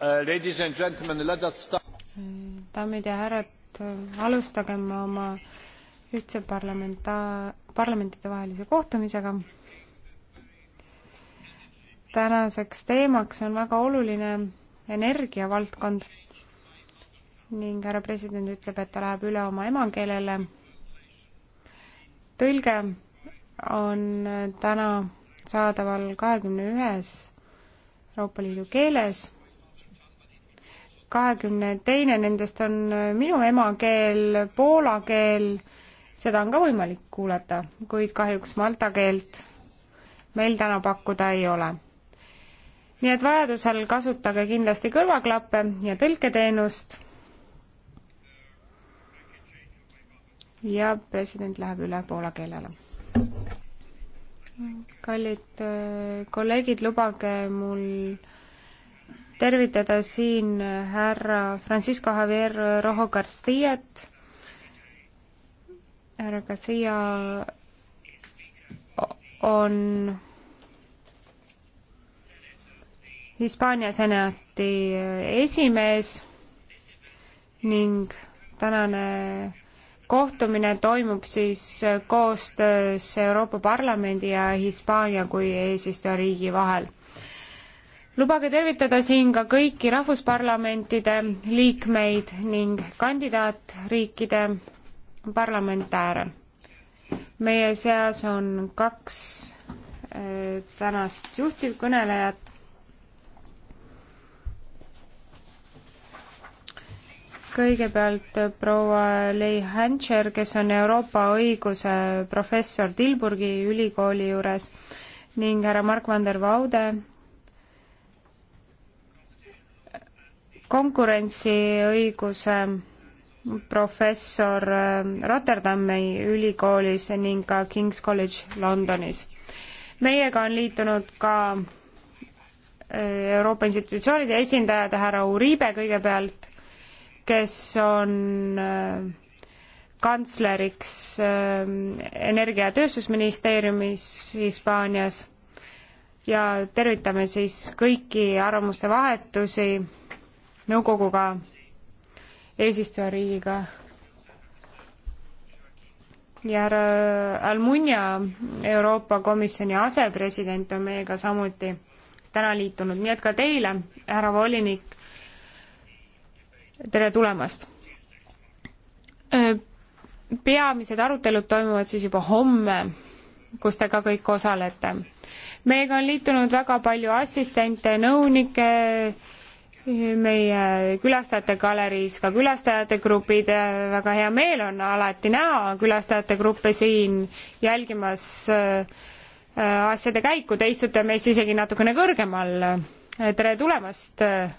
Uh, daamid ja härrad, alustagem oma ühtse parlamenta-, parlamentidevahelise kohtumisega. tänaseks teemaks on väga oluline energiavaldkond ning härra president ütleb, et ta läheb üle oma emakeelele. tõlge on täna saadaval kahekümne ühes Euroopa Liidu keeles kahekümne teine nendest on äh, minu emakeel, poola keel, seda on ka võimalik kuulata, kuid kahjuks malta keelt meil täna pakkuda ei ole. nii et vajadusel kasutage kindlasti kõrvaklappe ja tõlketeenust. ja president läheb üle poola keelele kallid äh, kolleegid, lubage mul tervitada siin härra Francisco Javier Rojo Garciat. härra Garcia on Hispaania senati esimees ning tänane kohtumine toimub siis koostöös Euroopa Parlamendi ja Hispaania kui eesistujariigi vahel lubage tervitada siin ka kõiki rahvusparlamentide liikmeid ning kandidaatriikide parlamentääre. meie seas on kaks äh, tänast juhtivkõnelejat. kõigepealt proua Lei Hantscher, kes on Euroopa õiguse professor Tilburgi ülikooli juures ning härra Mark van der Vaude, konkurentsiõiguse professor äh, Rotterdami ülikoolis ning ka King's College Londonis. meiega on liitunud ka äh, Euroopa institutsioonide esindajad, härra Uribe kõigepealt, kes on äh, kantsleriks Energia- ja Tööstusministeeriumis Hispaanias ja tervitame siis kõiki arvamuste vahetusi nõukoguga, eesistujariigiga. ja härra Almunia, Euroopa Komisjoni asepresident, on meiega samuti täna liitunud, nii et ka teile, härra volinik, tere tulemast! peamised arutelud toimuvad siis juba homme, kus te ka kõik osalete. meiega on liitunud väga palju assistente, nõunikke, meie külastajate galeriis ka külastajate grupid, väga hea meel on alati näha külastajate gruppe siin jälgimas äh, asjade käiku, te istute meist isegi natukene kõrgemal. tere tulemast äh,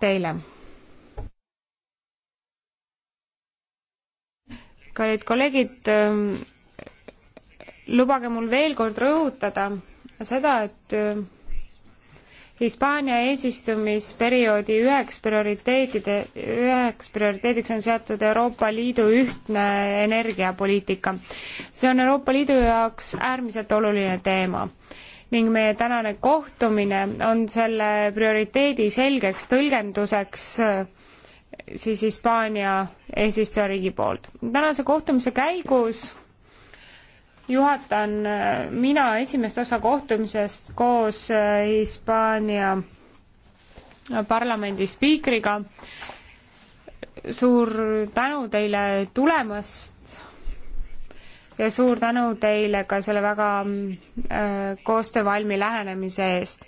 teile! kallid kolleegid, äh, lubage mul veel kord rõhutada seda, et Hispaania eesistumisperioodi üheks prioriteetide, üheks prioriteediks on seatud Euroopa Liidu ühtne energiapoliitika. see on Euroopa Liidu jaoks äärmiselt oluline teema ning meie tänane kohtumine on selle prioriteedi selgeks tõlgenduseks äh, siis Hispaania eesistujariigi poolt. tänase kohtumise käigus juhatan äh, mina esimest osa kohtumisest koos äh, Hispaania parlamendi spiikriga. suur tänu teile tulemast ja suur tänu teile ka selle väga äh, koostöövalmi lähenemise eest.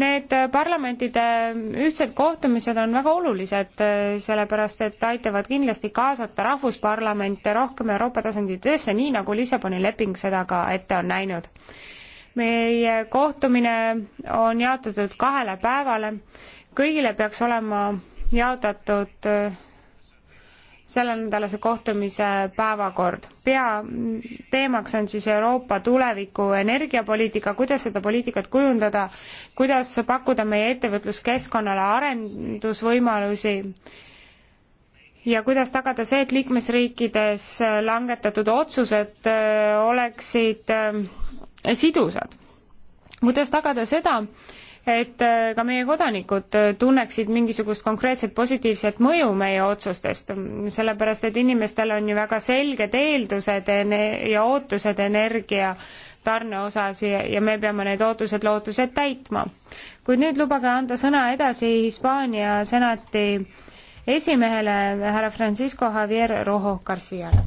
Need äh, parlamentide äh, ühtsed kohtumised on väga olulised, äh, sellepärast et aitavad kindlasti kaasata rahvusparlamente rohkem Euroopa tasandi töösse, nii nagu Lissaboni leping seda ka ette on näinud. meie kohtumine on jaotatud kahele päevale, kõigile peaks olema jaotatud selle nädalase kohtumise päevakord. peateemaks on siis Euroopa tuleviku energiapoliitika, kuidas seda poliitikat kujundada, kuidas pakkuda meie ettevõtluskeskkonnale arendusvõimalusi ja kuidas tagada see, et liikmesriikides langetatud otsused äh, oleksid äh, sidusad. kuidas tagada seda, et äh, ka meie kodanikud äh, tunneksid mingisugust konkreetset positiivset mõju meie otsustest, sellepärast et inimestel on ju väga selged eeldused ja ootused energia tarne osas ja, ja me peame need ootused-lootused täitma. kuid nüüd lubage anda sõna edasi Hispaania senati esimehele, härra Francisco Javier Rojo Garciale.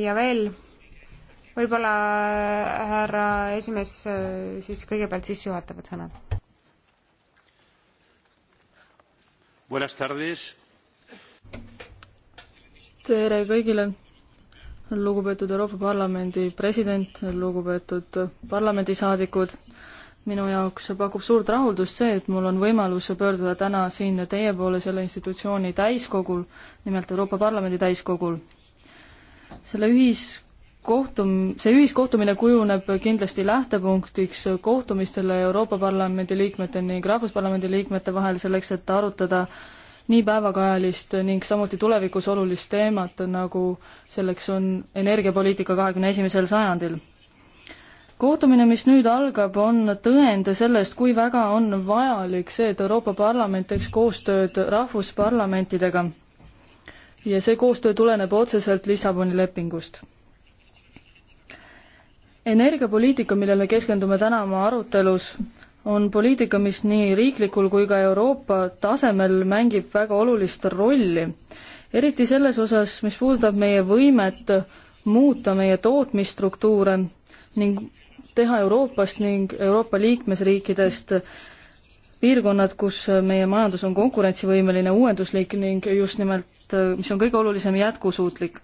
ja veel võib-olla äh, härra esimees äh, siis kõigepealt sissejuhatavad sõnad. Buenas tardes. tere kõigile, lugupeetud Euroopa Parlamendi president, lugupeetud parlamendisaadikud. minu jaoks pakub suurt rahuldust see, et mul on võimalus pöörduda täna siin teie poole selle institutsiooni täiskogul, nimelt Euroopa Parlamendi täiskogul. selle ühis- kohtum-, see ühiskohtumine kujuneb kindlasti lähtepunktiks kohtumistele Euroopa Parlamendi liikmete ning Rahvusparlamendi liikmete vahel, selleks et arutada nii päevakajalist ning samuti tulevikus olulist teemat, nagu selleks on energiapoliitika kahekümne esimesel sajandil. kohtumine, mis nüüd algab, on tõend sellest, kui väga on vajalik see, et Euroopa Parlament teeks koostööd rahvusparlamentidega. ja see koostöö tuleneb otseselt Lissaboni lepingust energiapoliitika, millele keskendume täna oma arutelus, on poliitika, mis nii riiklikul kui ka Euroopa tasemel mängib väga olulist rolli. eriti selles osas, mis puudutab meie võimet muuta meie tootmisstruktuure ning teha Euroopast ning Euroopa liikmesriikidest piirkonnad, kus meie majandus on konkurentsivõimeline, uuenduslik ning just nimelt, mis on kõige olulisem, jätkusuutlik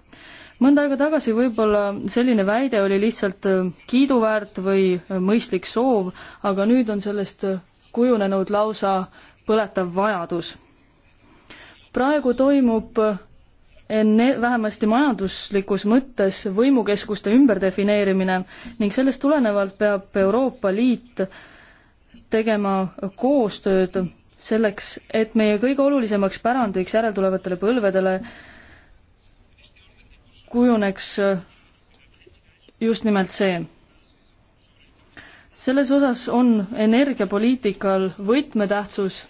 mõnda aega tagasi võib-olla selline väide oli lihtsalt äh, kiiduväärt või äh, mõistlik soov, aga nüüd on sellest äh, kujunenud lausa põletav vajadus. praegu toimub enne, vähemasti majanduslikus mõttes võimukeskuste ümberdefineerimine ning sellest tulenevalt peab Euroopa Liit tegema koostööd selleks, et meie kõige olulisemaks pärandiks järeltulevatele põlvedele äh, kujuneks äh, just nimelt see. selles osas on energiapoliitikal võtmetähtsus.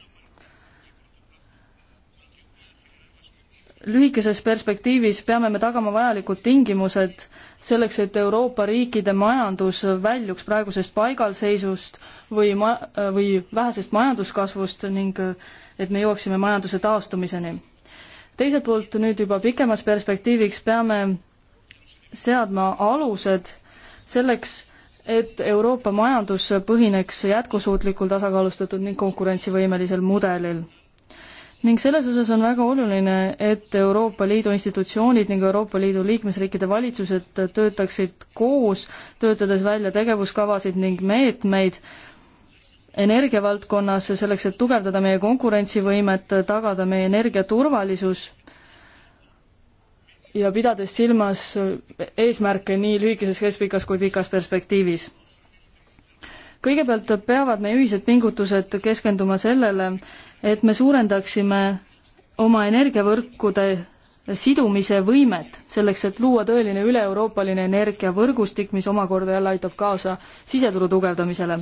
lühikeses perspektiivis peame me tagama vajalikud tingimused selleks, et Euroopa riikide majandus väljuks praegusest paigalseisust või ma-, või vähesest majanduskasvust ning äh, et me jõuaksime majanduse taastumiseni teiselt poolt nüüd juba pikemas perspektiiviks peame seadma alused selleks, et Euroopa majandus põhineks jätkusuutlikul, tasakaalustatud ning konkurentsivõimelisel mudelil. ning selles osas on väga oluline, et Euroopa Liidu institutsioonid ning Euroopa Liidu liikmesriikide valitsused töötaksid koos, töötades välja tegevuskavasid ning meetmeid, energiavaldkonnas selleks, et tugevdada meie konkurentsivõimet, tagada meie energiaturvalisus ja pidades silmas eesmärke nii lühikeses, keskpikas kui pikas perspektiivis. kõigepealt peavad meie ühised pingutused keskenduma sellele, et me suurendaksime oma energiavõrkude sidumise võimet, selleks et luua tõeline üle-euroopaline energiavõrgustik, mis omakorda jälle aitab kaasa siseturu tugevdamisele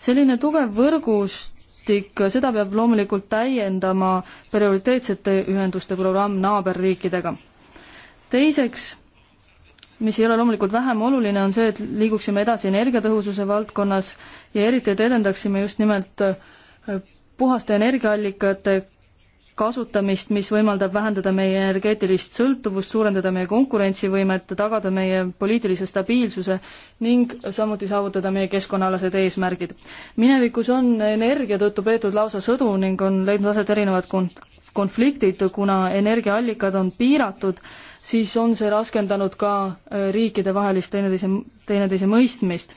selline tugev võrgustik, seda peab loomulikult täiendama prioriteetsete ühenduste programm naaberriikidega. teiseks, mis ei ole loomulikult vähem oluline, on see, et liiguksime edasi energiatõhususe valdkonnas ja eriti, et edendaksime just nimelt puhaste energiaallikate kasutamist, mis võimaldab vähendada meie energeetilist sõltuvust, suurendada meie konkurentsivõimet, tagada meie poliitilise stabiilsuse ning samuti saavutada meie keskkonnaalased eesmärgid. minevikus on energia tõttu peetud lausa sõdu ning on leidnud aset erinevad kont-, konfliktid, kuna energiaallikad on piiratud, siis on see raskendanud ka äh, riikidevahelist teineteise, teineteise mõistmist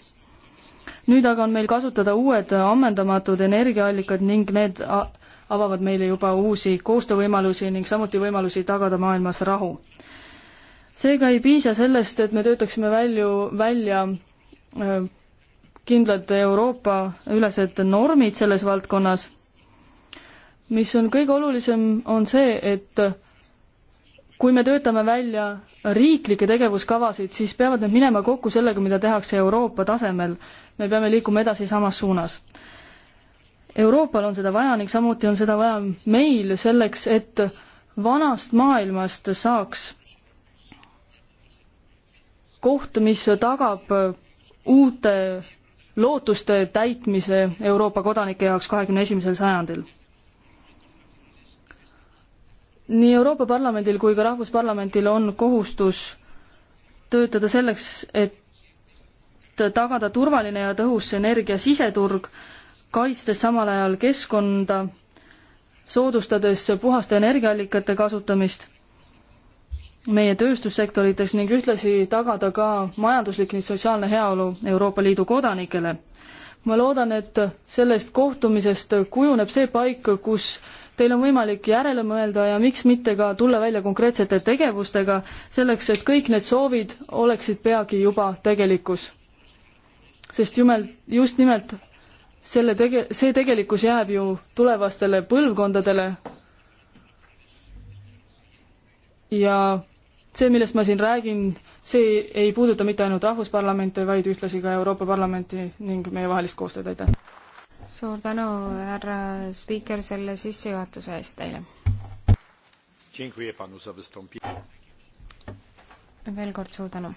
nüüd aga on meil kasutada uued äh, ammendamatud energiaallikad ning need äh, avavad meile juba uusi koostöövõimalusi ning samuti võimalusi tagada maailmas rahu. seega ei piisa sellest, et me töötaksime välju, välja kindlad Euroopa ülesed normid selles valdkonnas, mis on kõige olulisem, on see, et kui me töötame välja riiklikke tegevuskavasid, siis peavad need minema kokku sellega, mida tehakse Euroopa tasemel. me peame liikuma edasi samas suunas Euroopal on seda vaja ning samuti on seda vaja meil selleks, et vanast maailmast saaks koht, mis tagab uute lootuste täitmise Euroopa kodanike jaoks kahekümne esimesel sajandil. nii Euroopa Parlamendil kui ka Rahvusparlamentil on kohustus töötada selleks, et tagada turvaline ja tõhus energia siseturg kaitstes samal ajal keskkonda, soodustades puhaste energiaallikate kasutamist meie tööstussektorites ning ühtlasi tagada ka majanduslik ning sotsiaalne heaolu Euroopa Liidu kodanikele. ma loodan, et sellest kohtumisest kujuneb see paik, kus teil on võimalik järele mõelda ja miks mitte ka tulla välja konkreetsete tegevustega, selleks et kõik need soovid oleksid peagi juba tegelikkus. sest jumel, just nimelt selle tege-, see tegelikkus jääb ju tulevastele põlvkondadele ja see, millest ma siin räägin, see ei puuduta mitte ainult rahvusparlamente, vaid ühtlasi ka Euroopa Parlamenti ning meievahelist koostööd, aitäh! suur tänu, härra spiiker, selle sissejuhatuse eest teile! veel kord suur tänu!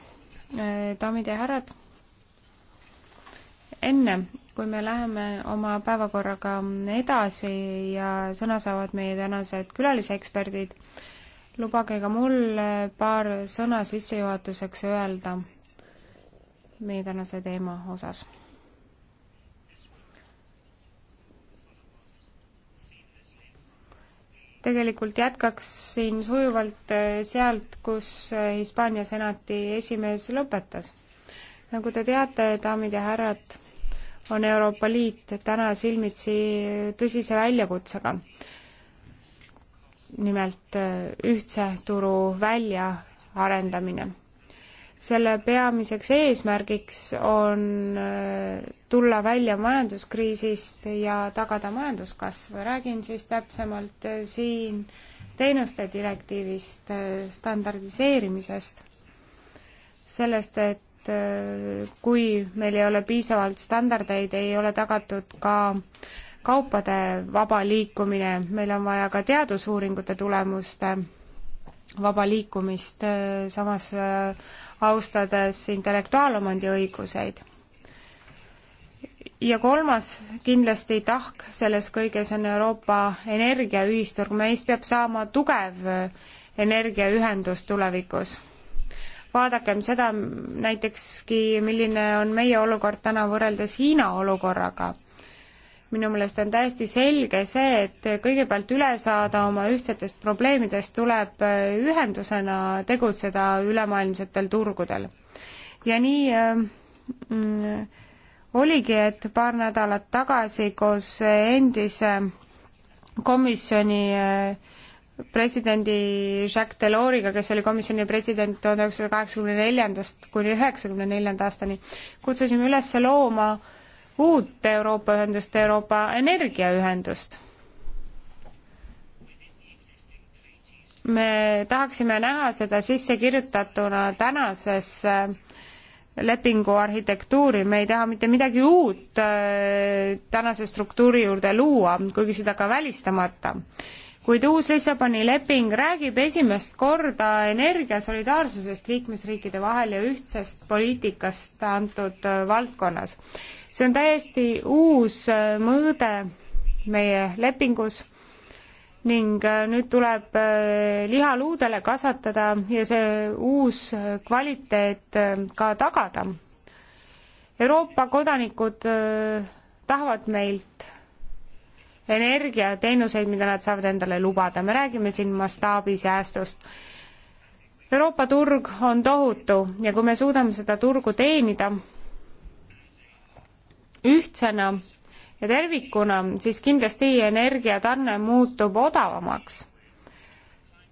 daamid ja härrad enne, kui me läheme oma päevakorraga edasi ja sõna saavad meie tänased külaliseksperdid, lubage ka mul paar sõna sissejuhatuseks öelda meie tänase teema osas. tegelikult jätkaksin sujuvalt sealt, kus Hispaania senati esimees lõpetas. nagu te teate, daamid ja härrad on Euroopa Liit täna silmitsi tõsise väljakutsega. nimelt äh, ühtse turu väljaarendamine. selle peamiseks eesmärgiks on äh, tulla välja majanduskriisist ja tagada majanduskasv. räägin siis täpsemalt äh, siin teenuste direktiivist, standardiseerimisest, sellest, et et äh, kui meil ei ole piisavalt standardeid, ei ole tagatud ka kaupade vaba liikumine, meil on vaja ka teadusuuringute tulemuste vaba liikumist, äh, samas äh, austades intellektuaalomandi õiguseid. ja kolmas kindlasti tahk selles kõiges on Euroopa energiaühisturg, meist peab saama tugev energiaühendus tulevikus vaadakem seda näitekski, milline on meie olukord täna võrreldes Hiina olukorraga minu meelest on täiesti selge see, et kõigepealt üle saada oma ühtsetest probleemidest tuleb äh, ühendusena tegutseda ülemaailmsetel turgudel. ja nii äh, mm, oligi, et paar nädalat tagasi koos endise komisjoni äh, presidendi Jacques Deloriga, kes oli komisjoni president tuhande üheksasaja kaheksakümne neljandast kuni üheksakümne neljanda aastani, kutsusime üles looma uut Euroopa ühendust, Euroopa energiaühendust. me tahaksime näha seda sisse kirjutatuna tänasesse äh, lepingu arhitektuuri, me ei taha mitte midagi uut äh, tänase struktuuri juurde luua, kuigi seda ka välistamata kuid uus Lissaboni leping räägib esimest korda energia solidaarsusest liikmesriikide vahel ja ühtsest poliitikast antud äh, valdkonnas. see on täiesti uus äh, mõõde meie lepingus ning äh, nüüd tuleb liha luudele kasvatada ja see uus kvaliteet ka tagada. Euroopa kodanikud tahavad meilt energiateenuseid, mida nad saavad endale lubada, me räägime siin mastaabisäästust. Euroopa turg on tohutu ja kui me suudame seda turgu teenida ühtsena ja tervikuna, siis kindlasti energiatarne muutub odavamaks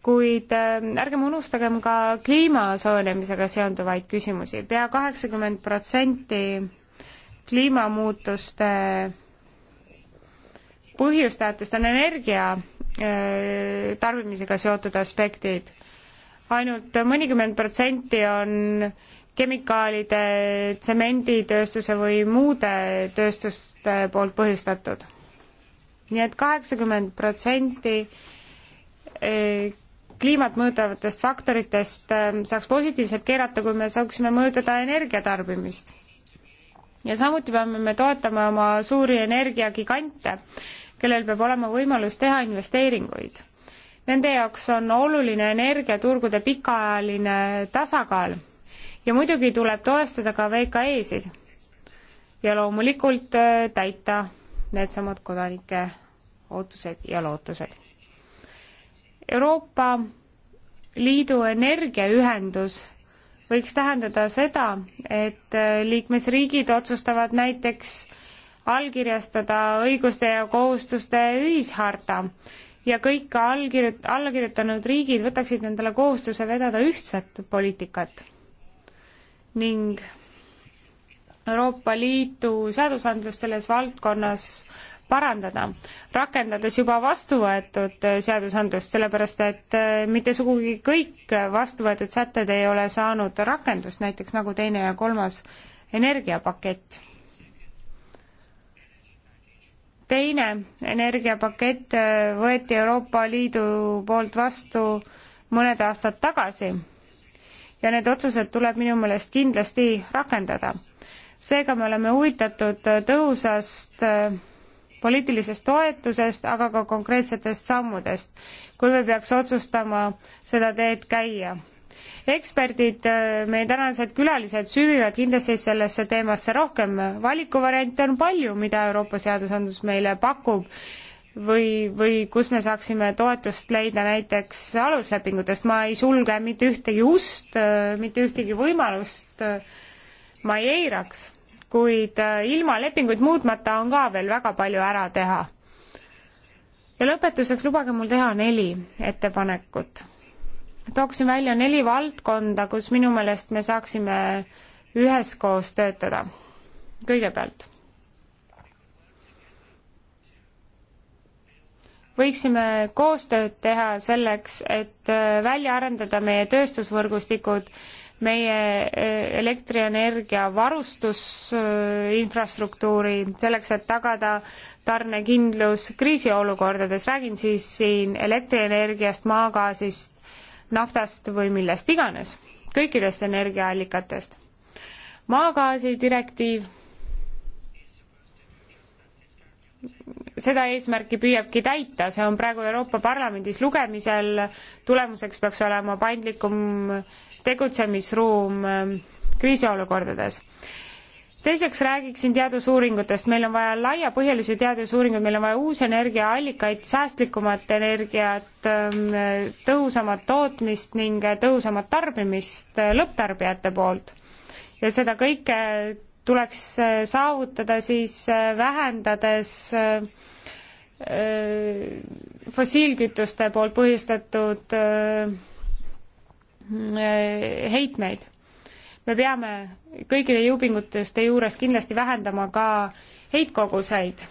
kuid äh, ärgem unustagem ka kliima soojenemisega seonduvaid küsimusi. pea kaheksakümmend protsenti kliimamuutuste põhjustajatest on energia äh, tarbimisega seotud aspektid ainult. ainult mõnikümmend protsenti on kemikaalide, tsemenditööstuse või muude tööstuste poolt põhjustatud. nii et kaheksakümmend protsenti äh, kliimat mõjutavatest faktoritest äh, saaks positiivselt keerata, kui me saaksime mõjutada energiatarbimist. ja samuti peame me toetama oma suuri energiagigante kellel peab olema võimalus teha investeeringuid. Nende jaoks on oluline energiaturgude pikaajaline tasakaal ja muidugi tuleb toestada ka VKE-sid ja loomulikult äh, täita needsamad kodanike ootused ja lootused. Euroopa Liidu energiaühendus võiks tähendada seda, et äh, liikmesriigid otsustavad näiteks äh, allkirjastada õiguste ja kohustuste ühisharta ja kõik allkirjut-, allakirjutanud riigid võtaksid endale kohustuse vedada ühtset poliitikat ning Euroopa Liidu seadusandlust selles valdkonnas parandada, rakendades juba vastu võetud seadusandlust, sellepärast et äh, mitte sugugi kõik vastu võetud sätted ei ole saanud rakendust, näiteks nagu teine ja kolmas energiapakett teine energiapakett äh, võeti Euroopa Liidu poolt vastu mõned aastad tagasi ja need otsused tuleb minu meelest kindlasti rakendada. seega me oleme huvitatud tõhusast äh, poliitilisest toetusest, aga ka konkreetsetest sammudest, kui me peaks otsustama seda teed käia eksperdid, äh, meie tänased külalised süüvivad kindlasti sellesse teemasse rohkem, valikuvariante on palju, mida Euroopa seadusandlus meile pakub või, või kus me saaksime toetust leida näiteks aluslepingutest, ma ei sulge mitte ühtegi ust, äh, mitte ühtegi võimalust, äh, ma ei eiraks, kuid ilma lepinguid muutmata on ka veel väga palju ära teha. ja lõpetuseks lubage mul teha neli ettepanekut tooksin välja neli valdkonda, kus minu meelest me saaksime üheskoos töötada. kõigepealt võiksime koostööd teha selleks, et äh, välja arendada meie tööstusvõrgustikud, meie äh, elektrienergia varustusinfrastruktuuri, äh, selleks et tagada tarnekindlus kriisiolukordades, räägin siis siin elektrienergiast, maagaasist, naftast või millest iganes, kõikidest energiaallikatest. maagaasi direktiiv seda eesmärki püüabki täita, see on praegu Euroopa Parlamendis lugemisel, tulemuseks peaks olema paindlikum tegutsemisruum äh, kriisiolukordades teiseks räägiksin teadusuuringutest, meil on vaja laiapõhjalisi teadusuuringuid, meil on vaja uusi energiaallikaid, säästlikumat energiat, ähm, tõhusamat tootmist ning tõhusamat tarbimist äh, lõpptarbijate poolt. ja seda kõike tuleks äh, saavutada siis äh, vähendades fossiilkütuste poolt põhjustatud heitmeid me peame kõikide jõupingutuste juures kindlasti vähendama ka heitkoguseid.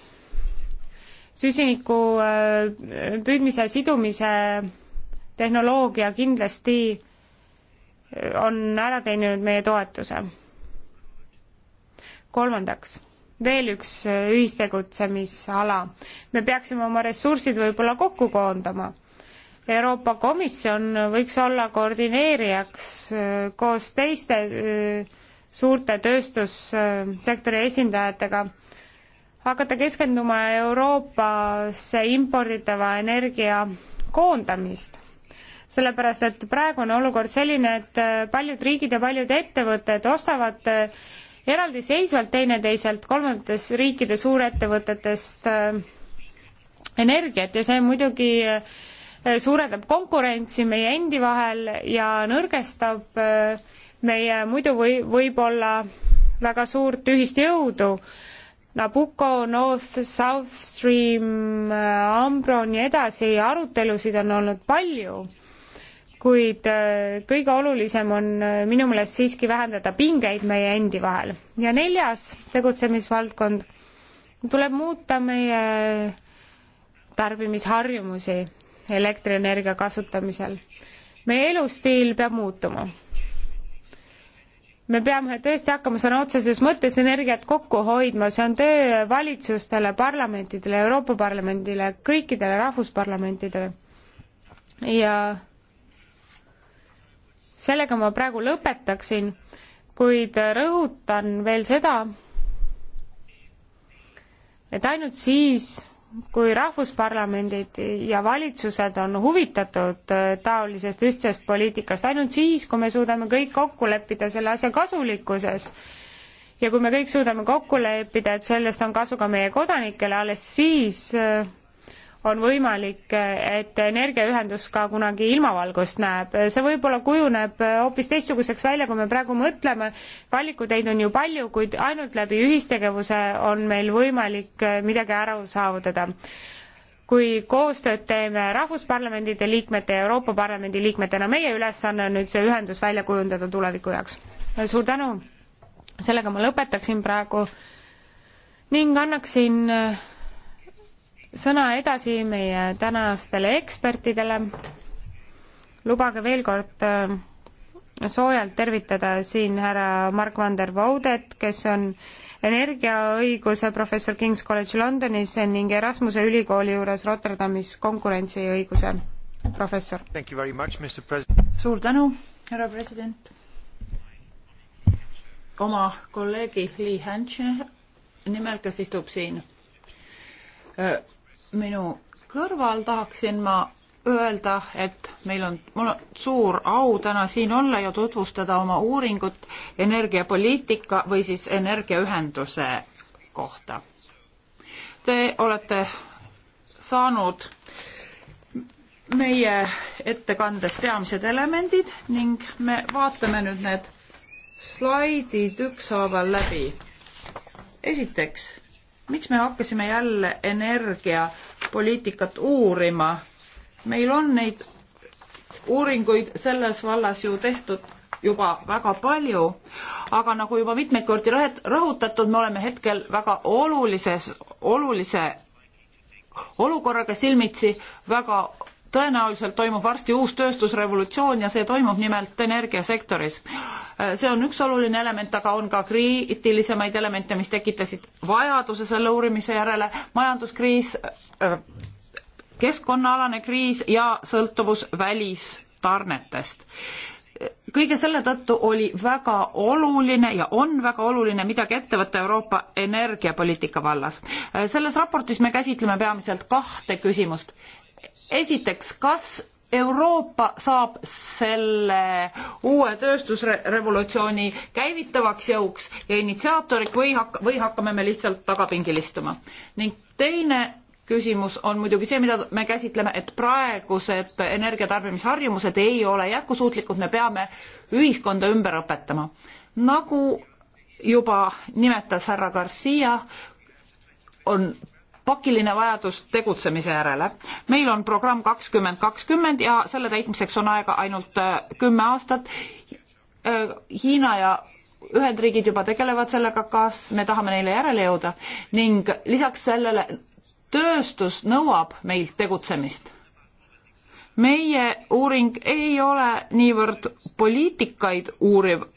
süsiniku äh, püüdmise ja sidumise tehnoloogia kindlasti äh, on ära teeninud meie toetuse. kolmandaks, veel üks äh, ühistegutsemisala. me peaksime oma ressursid võib-olla kokku koondama Euroopa Komisjon võiks olla koordineerijaks äh, koos teiste äh, suurte tööstussektori esindajatega, hakata keskenduma Euroopasse imporditava energia koondamist sellepärast et praegu on olukord selline, et äh, paljud riigid ja paljud ettevõtted ostavad eraldiseisvalt teineteiselt kolmandates riikide suurettevõtetest energiat ja see muidugi Äh, suurendab konkurentsi meie endi vahel ja nõrgestab äh, meie muidu või võib-olla väga suurt ühist jõudu. Nabucco, North, South Stream, äh, Ambro, nii edasi, arutelusid on olnud palju, kuid kõige olulisem on minu meelest siiski vähendada pingeid meie endi vahel. ja neljas tegutsemisvaldkond, tuleb muuta meie tarbimisharjumusi elektrienergia kasutamisel. meie elustiil peab muutuma. me peame tõesti hakkama sõna otseses mõttes energiat kokku hoidma, see on töö valitsustele, parlamentidele, Euroopa Parlamendile, kõikidele rahvusparlamentidele. ja sellega ma praegu lõpetaksin, kuid rõhutan veel seda, et ainult siis, kui rahvusparlamendid ja valitsused on huvitatud äh, taolisest ühtsest poliitikast ainult siis, kui me suudame kõik kokku leppida selle asja kasulikkuses ja kui me kõik suudame kokku leppida, et sellest on kasu ka meie kodanikele, alles siis äh, on võimalik, et energiaühendus ka kunagi ilmavalgust näeb. see võib-olla kujuneb hoopis teistsuguseks välja, kui me praegu mõtleme. valikuteid on ju palju, kuid ainult läbi ühistegevuse on meil võimalik midagi ära saavutada kui koostööd teeme Rahvusparlamendide liikmete ja Euroopa Parlamendi liikmetena, meie ülesanne on nüüd see ühendus välja kujundada tuleviku jaoks. suur tänu, sellega ma lõpetaksin praegu ning annaksin sõna edasi meie tänastele ekspertidele. lubage veel kord äh, soojalt tervitada siin härra Mark van der Vaudet, kes on energiaõiguse professor King's College Londonis ning Erasmuse ülikooli juures Rotterdamis konkurentsiõiguse professor. suur tänu, härra president. oma kolleegi Lee Hanche nimel, kes istub siin äh, minu kõrval tahaksin ma öelda, et meil on, mul on suur au täna siin olla ja tutvustada oma uuringut energiapoliitika või siis energiaühenduse kohta. Te olete saanud meie ettekandes peamised elemendid ning me vaatame nüüd need slaidid ükshaaval läbi. esiteks miks me hakkasime jälle energiapoliitikat uurima? meil on neid uuringuid selles vallas ju tehtud juba väga palju, aga nagu juba mitmeid kordi rõhutatud, me oleme hetkel väga olulises, olulise olukorraga silmitsi, väga tõenäoliselt toimub varsti uus tööstusrevolutsioon ja see toimub nimelt energiasektoris. see on üks oluline element, aga on ka kriitilisemaid elemente, mis tekitasid vajaduse selle uurimise järele, majanduskriis, äh, keskkonnaalane kriis ja sõltuvus välistarnetest kõige selle tõttu oli väga oluline ja on väga oluline midagi ette võtta Euroopa energiapoliitika vallas. Äh, selles raportis me käsitleme peamiselt kahte küsimust esiteks, kas Euroopa saab selle uue tööstusrevolutsiooni käivitavaks jõuks ja initsiaatoriks või hakka, või hakkame me lihtsalt tagapingil istuma. ning teine küsimus on muidugi see, mida me käsitleme, et praegused energiatarbimisharjumused ei ole jätkusuutlikud, me peame ühiskonda ümber õpetama. nagu juba nimetas härra Garcia, on pakiline vajadus tegutsemise järele. meil on programm kakskümmend kakskümmend ja selle täitmiseks on aega ainult äh, kümme aastat. Äh, Hiina ja Ühendriigid juba tegelevad sellega, kas me tahame neile järele jõuda ning lisaks sellele tööstus nõuab meilt tegutsemist meie uuring ei ole niivõrd poliitikaid uuriv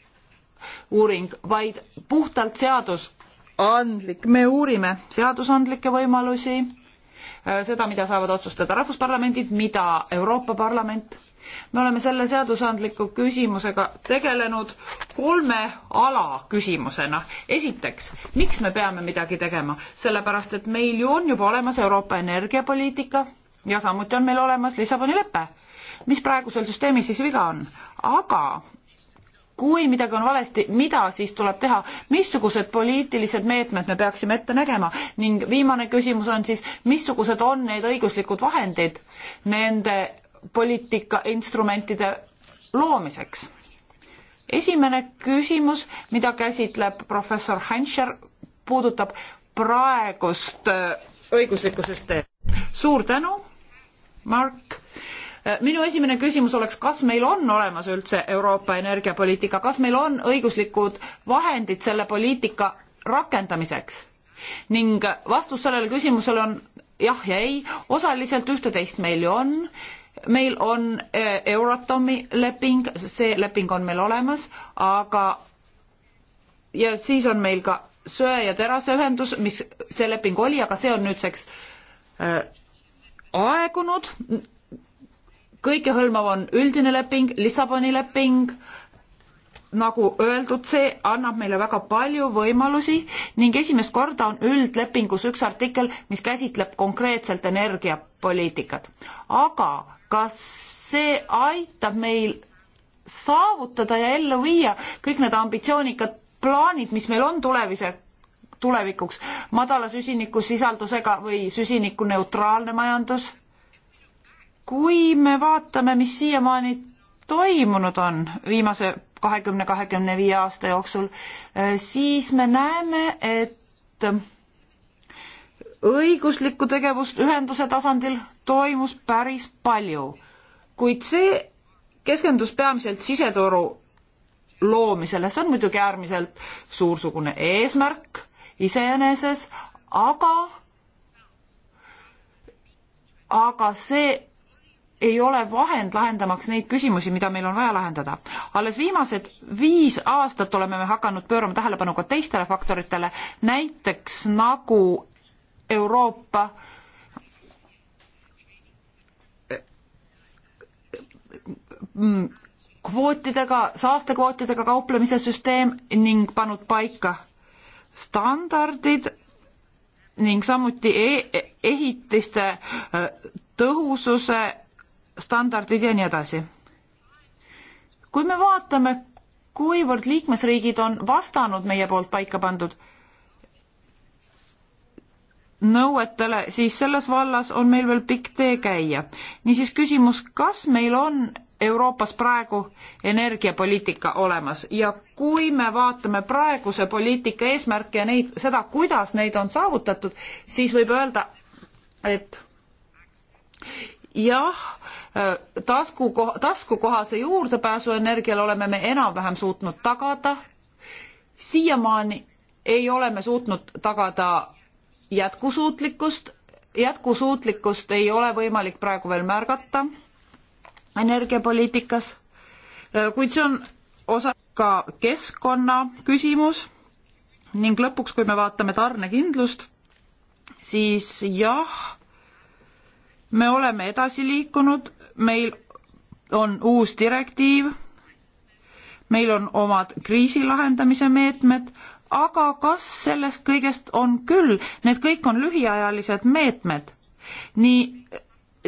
uuring, vaid puhtalt seadus seadusandlik, me uurime seadusandlikke võimalusi, äh, seda, mida saavad otsustada rahvusparlamendid, mida Euroopa Parlament. me oleme selle seadusandliku küsimusega tegelenud kolme ala küsimusena. esiteks, miks me peame midagi tegema, sellepärast et meil ju on juba olemas Euroopa energiapoliitika ja samuti on meil olemas Lissaboni lepe. mis praegusel süsteemil siis viga on? aga kui midagi on valesti, mida siis tuleb teha, missugused poliitilised meetmed me peaksime ette nägema ning viimane küsimus on siis, missugused on need õiguslikud vahendid nende poliitikainstrumentide loomiseks? esimene küsimus, mida käsitleb professor Hanscher, puudutab praegust äh, õiguslikku süsteemi. suur tänu, Mark Äh, minu esimene küsimus oleks, kas meil on olemas üldse Euroopa energiapoliitika, kas meil on õiguslikud vahendid selle poliitika rakendamiseks? ning vastus sellele küsimusele on jah ja ei, osaliselt ühte-teist meil ju on, meil on äh, Euratomi leping, see leping on meil olemas, aga ja siis on meil ka söe- ja teraseühendus, mis see leping oli, aga see on nüüdseks äh, aegunud kõikehõlmav on üldine leping, Lissaboni leping, nagu öeldud, see annab meile väga palju võimalusi ning esimest korda on üldlepingus üks artikkel, mis käsitleb konkreetselt energiapoliitikat. aga kas see aitab meil saavutada ja ellu viia kõik need ambitsioonikad plaanid, mis meil on tulevise, tulevikuks, madala süsinikusisaldusega või süsinikuneutraalne majandus kui me vaatame, mis siiamaani toimunud on viimase kahekümne, kahekümne viie aasta jooksul, eh, siis me näeme, et õiguslikku tegevust ühenduse tasandil toimus päris palju, kuid see keskendus peamiselt siseturu loomisele, see on muidugi äärmiselt suursugune eesmärk iseeneses, aga, aga see ei ole vahend lahendamaks neid küsimusi, mida meil on vaja lahendada. alles viimased viis aastat oleme me hakanud pöörama tähelepanu ka teistele faktoritele, näiteks nagu Euroopa kvootidega, saastekvootidega kauplemise süsteem ning pannud paika standardid ning samuti e ehitiste äh, tõhususe standardid ja nii edasi. kui me vaatame, kuivõrd liikmesriigid on vastanud meie poolt paika pandud nõuetele, siis selles vallas on meil veel pikk tee käia. niisiis küsimus, kas meil on Euroopas praegu energiapoliitika olemas ja kui me vaatame praeguse poliitika eesmärke ja neid, seda, kuidas neid on saavutatud, siis võib öelda, et jah Äh, tasku, taskukohase juurdepääsu energiale oleme me enam-vähem suutnud tagada. siiamaani ei ole me suutnud tagada jätkusuutlikkust, jätkusuutlikkust ei ole võimalik praegu veel märgata energiapoliitikas, äh, kuid see on osa ka keskkonna küsimus ning lõpuks, kui me vaatame tarnekindlust, siis jah me oleme edasi liikunud, meil on uus direktiiv, meil on omad kriisi lahendamise meetmed, aga kas sellest kõigest on küll, need kõik on lühiajalised meetmed. nii,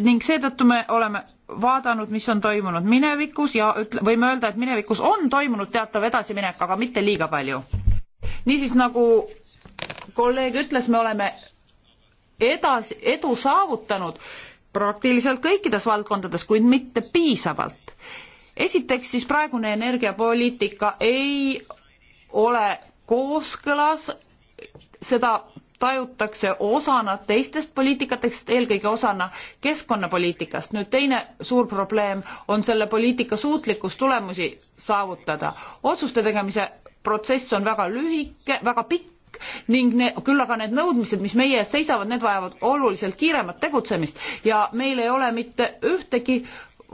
ning seetõttu me oleme vaadanud, mis on toimunud minevikus ja ütle, võime öelda, et minevikus on toimunud teatav edasiminek, aga mitte liiga palju. niisiis, nagu kolleeg ütles, me oleme edasi, edu saavutanud praktiliselt kõikides valdkondades, kuid mitte piisavalt. esiteks siis praegune energiapoliitika ei ole kooskõlas, seda tajutakse osana teistest poliitikatest, eelkõige osana keskkonnapoliitikast. nüüd teine suur probleem on selle poliitika suutlikkus tulemusi saavutada. otsuste tegemise protsess on väga lühike, väga pikk ning ne, küll aga need nõudmised, mis meie ees seisavad, need vajavad oluliselt kiiremat tegutsemist ja meil ei ole mitte ühtegi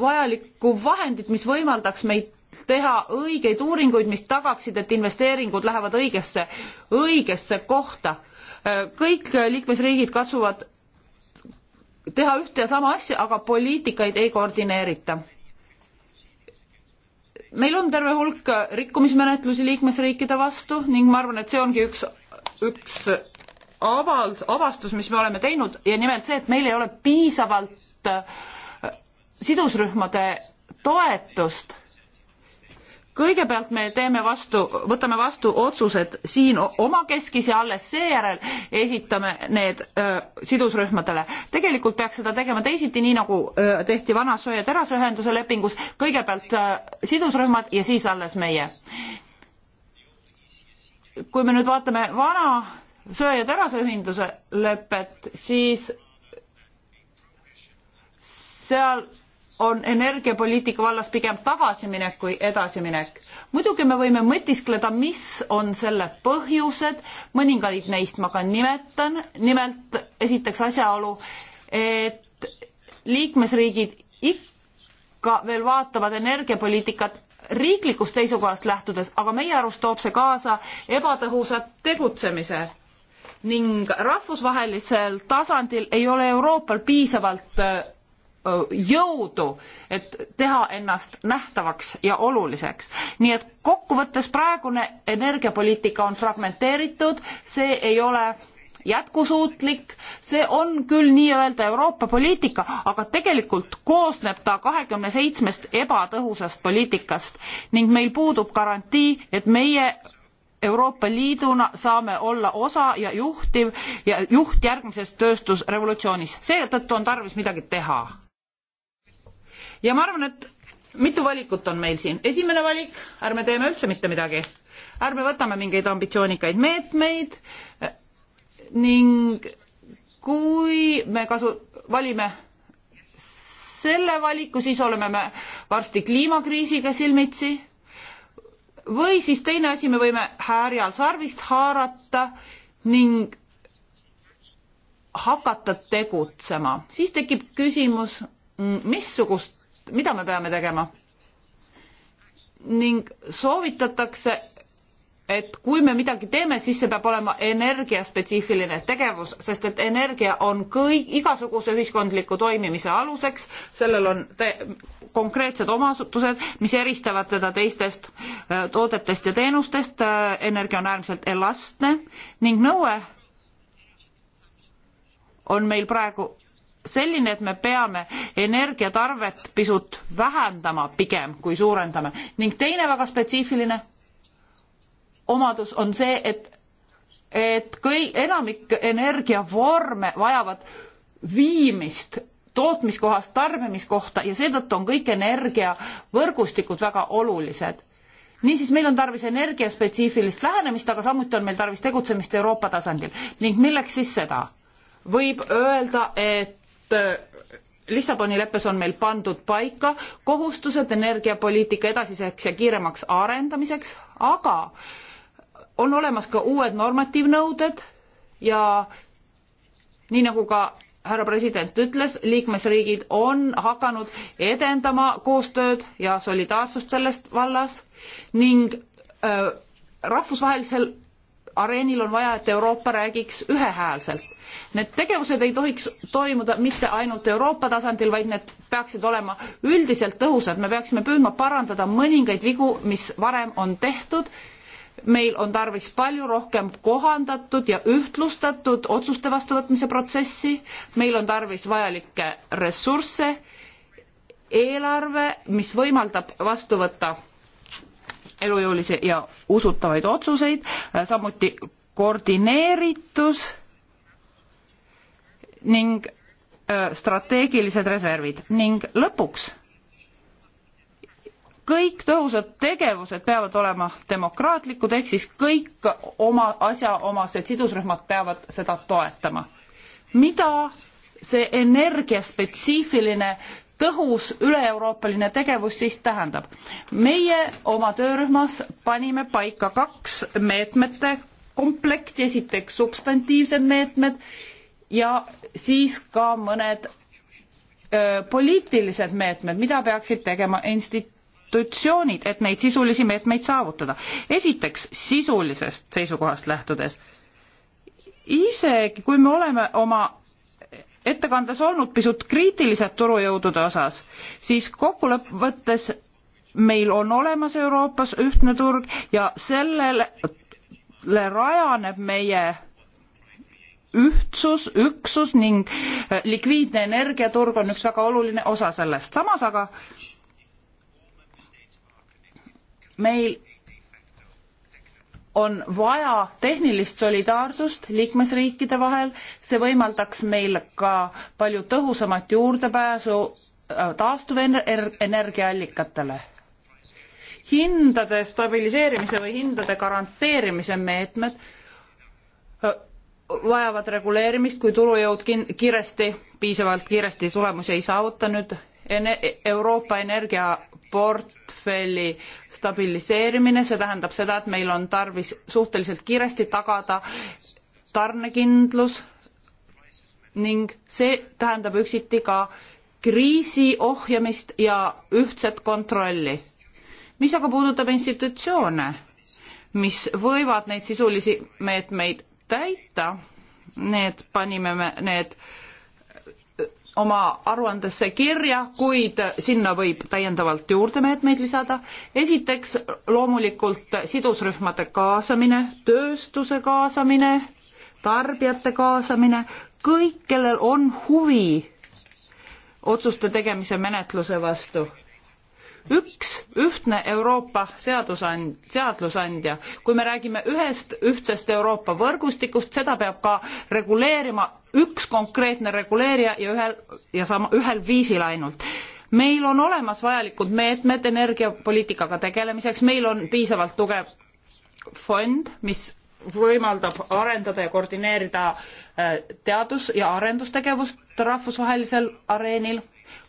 vajalikku vahendit, mis võimaldaks meid teha õigeid uuringuid, mis tagaksid, et investeeringud lähevad õigesse, õigesse kohta. kõik liikmesriigid katsuvad teha ühte ja sama asja, aga poliitikaid ei koordineerita meil on terve hulk rikkumismenetlusi liikmesriikide vastu ning ma arvan, et see ongi üks üks aval-, avastus, mis me oleme teinud ja nimelt see, et meil ei ole piisavalt äh, sidusrühmade toetust. kõigepealt me teeme vastu, võtame vastu otsused siin omakeskis ja alles seejärel esitame need öö, äh, sidusrühmadele. tegelikult peaks seda tegema teisiti, nii nagu öö, äh, tehti vana söe teraseühenduse lepingus, kõigepealt öö, sidusrühmad ja siis alles meie kui me nüüd vaatame vana söe ja terase ühinduse lepet, siis seal on energiapoliitika vallas pigem tagasiminek kui edasiminek. muidugi me võime mõtiskleda, mis on selle põhjused, mõningaid neist ma ka nimetan, nimelt esiteks asjaolu, et liikmesriigid ikka veel vaatavad energiapoliitikat riiklikust seisukohast lähtudes, aga meie arust toob see kaasa ebatõhusa tegutsemise ning rahvusvahelisel tasandil ei ole Euroopal piisavalt äh, jõudu, et teha ennast nähtavaks ja oluliseks. nii et kokkuvõttes praegune energiapoliitika on fragmenteeritud, see ei ole jätkusuutlik, see on küll nii-öelda Euroopa poliitika, aga tegelikult koosneb ta kahekümne seitsmest ebatõhusast poliitikast ning meil puudub garantii, et meie Euroopa Liiduna saame olla osa ja juhtiv ja juht järgmises tööstusrevolutsioonis, seetõttu on tarvis midagi teha. ja ma arvan, et mitu valikut on meil siin, esimene valik, ärme teeme üldse mitte midagi, ärme võtame mingeid ambitsioonikaid meetmeid meet,, ning kui me kasu-, valime selle valiku, siis oleme me varsti kliimakriisiga silmitsi või siis teine asi, me võime härjal sarvist haarata ning hakata tegutsema, siis tekib küsimus, mm, missugust, mida me peame tegema? ning soovitatakse et kui me midagi teeme, siis see peab olema energiaspetsiifiline tegevus, sest et energia on kõik, igasuguse ühiskondliku toimimise aluseks, sellel on konkreetsed omasused, mis eristavad teda teistest äh, toodetest ja teenustest, äh, energia on äärmiselt elastne ning nõue on meil praegu selline, et me peame energiatarvet pisut vähendama pigem kui suurendame ning teine väga spetsiifiline omadus on see, et, et kõi-, enamik energiavorme vajavad viimist tootmiskohast tarbimiskohta ja seetõttu on kõik energiavõrgustikud väga olulised. niisiis, meil on tarvis energiaspetsiifilist lähenemist, aga samuti on meil tarvis tegutsemist Euroopa tasandil ning milleks siis seda? võib öelda, et äh, Lissaboni leppes on meil pandud paika kohustused energiapoliitika edasiseks ja kiiremaks arendamiseks, aga on olemas ka uued normatiivnõuded ja nii nagu ka härra president ütles, liikmesriigid on hakanud edendama koostööd ja solidaarsust selles vallas ning äh, rahvusvahelisel areenil on vaja, et Euroopa räägiks ühehäälselt. Need tegevused ei tohiks toimuda mitte ainult Euroopa tasandil, vaid need peaksid olema üldiselt tõhusad, me peaksime püüdma parandada mõningaid vigu, mis varem on tehtud äh, meil on tarvis palju rohkem kohandatud ja ühtlustatud otsuste vastuvõtmise protsessi, meil on tarvis vajalikke ressursse, eelarve, mis võimaldab vastu võtta elujõulisi ja usutavaid otsuseid, samuti koordineeritus ning äh, strateegilised reservid ning lõpuks kõik tõhusad tegevused peavad olema demokraatlikud, ehk siis kõik oma asjaomased sidusrühmad peavad seda toetama. mida see energiaspetsiifiline tõhus üle-euroopaline tegevus siis tähendab? meie oma töörühmas panime paika kaks meetmete komplekti, esiteks substantiivsed meetmed ja siis ka mõned öö, poliitilised meetmed, mida peaksid tegema instit-, institutsioonid, et neid sisulisi meetmeid saavutada. esiteks sisulisest seisukohast lähtudes, isegi kui me oleme oma ettekandes olnud pisut kriitilised turujõudude osas, siis kokkuvõttes meil on olemas Euroopas ühtne turg ja sellele rajaneb meie ühtsus, üksus ning eh, likviidne energiaturg on üks väga oluline osa sellest. samas aga meil on vaja tehnilist solidaarsust liikmesriikide vahel, see võimaldaks meil ka palju tõhusamat juurdepääsu äh, taastuvenergiaallikatele. hindade stabiliseerimise või hindade garanteerimise meetmed äh, vajavad reguleerimist, kui turujõud kiiresti, piisavalt kiiresti tulemusi ei saavuta, nüüd Euroopa energiaportfelli stabiliseerimine, see tähendab seda, et meil on tarvis suhteliselt kiiresti tagada tarnekindlus ning see tähendab üksiti ka kriisi ohjamist ja ühtset kontrolli. mis aga puudutab institutsioone, mis võivad neid sisulisi meetmeid täita, need panime me, need äh, oma aruandesse kirja, kuid sinna võib täiendavalt juurde meetmeid lisada. esiteks loomulikult sidusrühmade kaasamine, tööstuse kaasamine, tarbijate kaasamine, kõik, kellel on huvi otsuste tegemise menetluse vastu üks ühtne Euroopa seadusand-, seadusandja. kui me räägime ühest ühtsest Euroopa võrgustikust, seda peab ka reguleerima üks konkreetne reguleerija ja ühel ja sama, ühel viisil ainult meil on olemas vajalikud meetmed energiapoliitikaga tegelemiseks, meil on piisavalt tugev fond, mis võimaldab arendada ja koordineerida äh, teadus- ja arendustegevust rahvusvahelisel areenil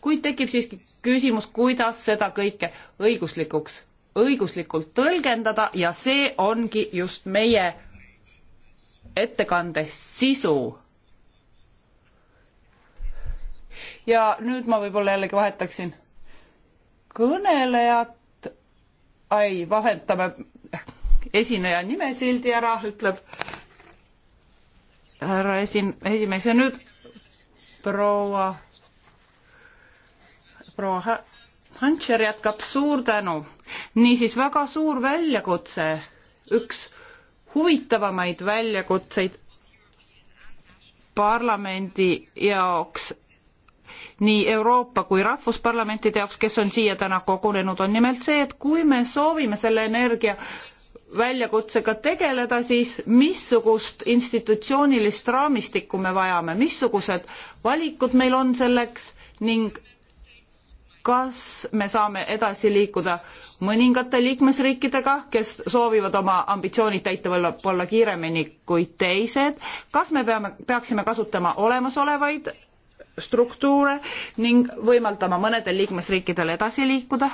kuid tekib siiski küsimus, kuidas seda kõike õiguslikuks, õiguslikult tõlgendada ja see ongi just meie ettekande sisu. ja nüüd ma võib-olla jällegi vahetaksin kõnelejat, ai, vahetame esineja nimesildi ära, ütleb härra esin-, esimees ja nüüd proua proua Hantšer jätkab, suur tänu. niisiis väga suur väljakutse, üks huvitavamaid väljakutseid parlamendi jaoks, nii Euroopa kui rahvusparlamentide jaoks, kes on siia täna kogunenud, on nimelt see, et kui me soovime selle energia väljakutsega tegeleda, siis missugust institutsioonilist raamistikku me vajame, missugused valikud meil on selleks ning kas me saame edasi liikuda mõningate liikmesriikidega, kes soovivad oma ambitsioonid täita võib-olla kiiremini kui teised, kas me peame, peaksime kasutama olemasolevaid struktuure ning võimaldama mõnedel liikmesriikidel edasi liikuda,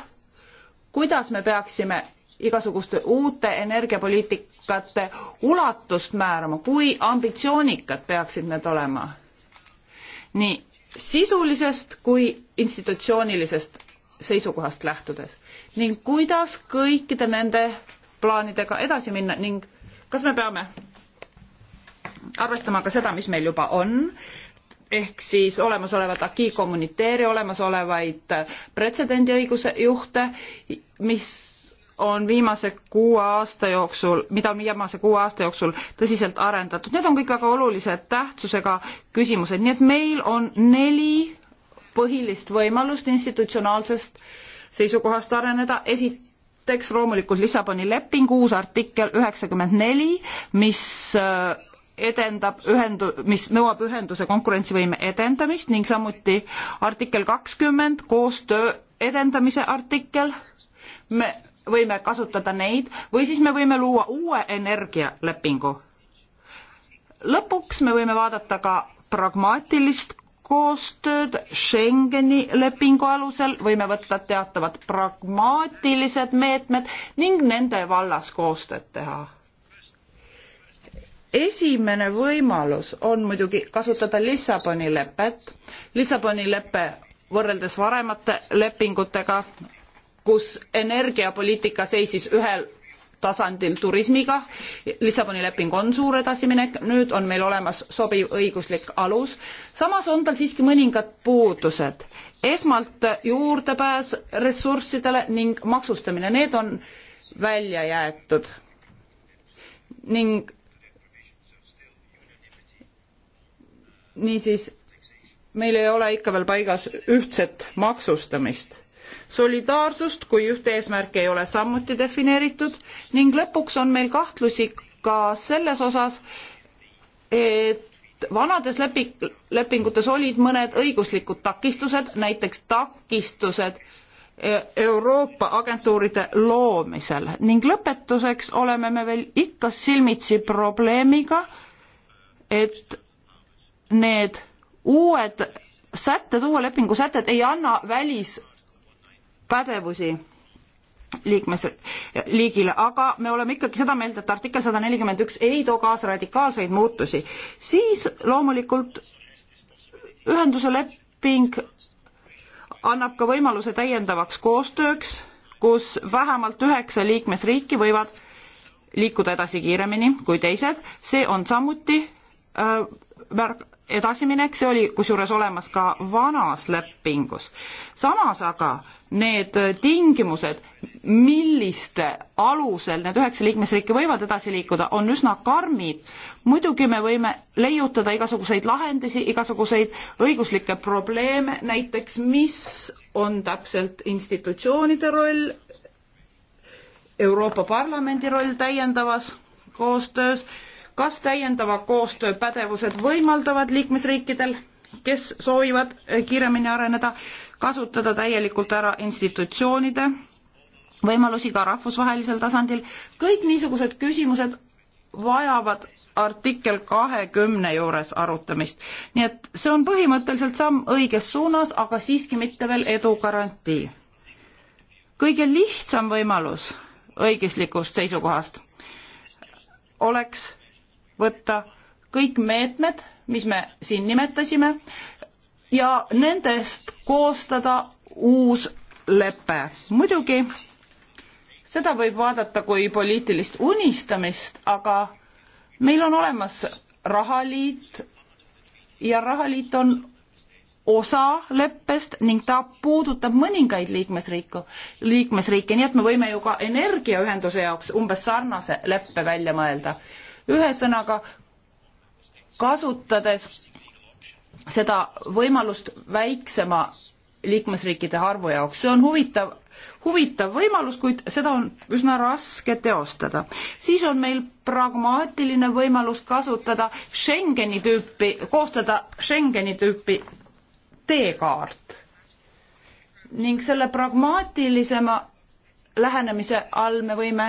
kuidas me peaksime igasuguste uute energiapoliitikate ulatust määrama, kui ambitsioonikad peaksid need olema? nii sisulisest kui institutsioonilisest seisukohast lähtudes ning kuidas kõikide nende plaanidega edasi minna ning kas me peame arvestama ka seda, mis meil juba on, ehk siis olemasolevat acquis communitaire'i, olemasolevaid pretsedendiõiguse juhte, mis on viimase kuue aasta jooksul, mida on viimase kuue aasta jooksul tõsiselt arendatud. Need on kõik väga olulised tähtsusega küsimused, nii et meil on neli põhilist võimalust institutsionaalsest seisukohast areneda. esiteks loomulikult Lissaboni leping, uus artikkel üheksakümmend neli, mis äh, edendab ühendu-, mis nõuab ühenduse konkurentsivõime edendamist ning samuti artikkel kakskümmend, koostöö edendamise artikkel. me võime kasutada neid või siis me võime luua uue energialepingu. lõpuks me võime vaadata ka pragmaatilist koostööd Schengeni lepingu alusel, võime võtta teatavad pragmaatilised meetmed ning nende vallas koostööd teha. esimene võimalus on muidugi kasutada Lissaboni lepet. Lissaboni lepe võrreldes varemate lepingutega kus energiapoliitika seisis ühel tasandil turismiga. Lissaboni leping on suur edasiminek, nüüd on meil olemas sobiv õiguslik alus. samas on tal siiski mõningad puudused. esmalt juurdepääs ressurssidele ning maksustamine, need on välja jäetud. ning niisiis, meil ei ole ikka veel paigas ühtset maksustamist solidaarsust, kui ühte eesmärki ei ole samuti defineeritud ning lõpuks on meil kahtlusi ka selles osas, et vanades leping, lepingutes olid mõned õiguslikud takistused, näiteks takistused e, Euroopa agentuuride loomisel ning lõpetuseks oleme me veel ikka silmitsi probleemiga, et need uued sätted, uue lepingu sätted ei anna välis pädevusi liikmesriigile, aga me oleme ikkagi seda meelt, et artikkel sada nelikümmend üks ei too kaasa radikaalseid muutusi, siis loomulikult ühenduse leping annab ka võimaluse täiendavaks koostööks, kus vähemalt üheksa liikmesriiki võivad liikuda edasi kiiremini kui teised, see on samuti äh, märk, edasiminek, see oli kusjuures olemas ka vanas lepingus. samas aga need tingimused, milliste alusel need üheksa liikmesriiki võivad edasi liikuda, on üsna karmid. muidugi me võime leiutada igasuguseid lahendusi, igasuguseid õiguslikke probleeme, näiteks mis on täpselt institutsioonide roll, Euroopa Parlamendi roll täiendavas koostöös kas täiendava koostöö pädevused võimaldavad liikmesriikidel, kes soovivad eh, kiiremini areneda, kasutada täielikult ära institutsioonide võimalusi ka rahvusvahelisel tasandil, kõik niisugused küsimused vajavad artikkel kahekümne juures arutamist. nii et see on põhimõtteliselt samm õiges suunas, aga siiski mitte veel edu garantii. kõige lihtsam võimalus õiguslikust seisukohast oleks võtta kõik meetmed, mis me siin nimetasime ja nendest koostada uus lepe. muidugi seda võib vaadata kui poliitilist unistamist, aga meil on olemas rahaliit ja rahaliit on osa leppest ning ta puudutab mõningaid liikmesriiku, liikmesriike, nii et me võime ju ka energiaühenduse jaoks umbes sarnase leppe välja mõelda ühesõnaga kasutades seda võimalust väiksema liikmesriikide arvu jaoks. see on huvitav, huvitav võimalus, kuid seda on üsna raske teostada. siis on meil pragmaatiline võimalus kasutada Schengeni tüüpi, koostada Schengeni tüüpi teekaart. ning selle pragmaatilisema lähenemise all me võime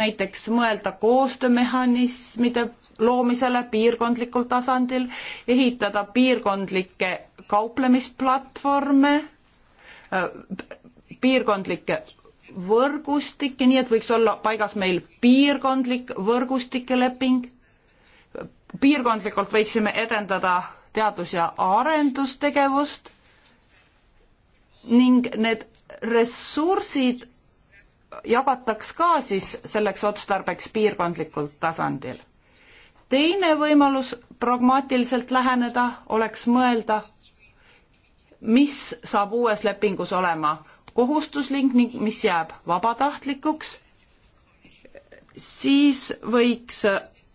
näiteks mõelda koostöömehhanismide loomisele piirkondlikul tasandil, ehitada piirkondlikke kauplemisplatvorme, äh, piirkondlikke võrgustikke, nii et võiks olla paigas meil piirkondlik võrgustike leping. piirkondlikult võiksime edendada teadus- ja arendustegevust ning need ressursid jagataks ka siis selleks otstarbeks piirkondlikul tasandil. teine võimalus pragmaatiliselt läheneda oleks mõelda, mis saab uues lepingus olema kohustuslik ning mis jääb vabatahtlikuks, siis võiks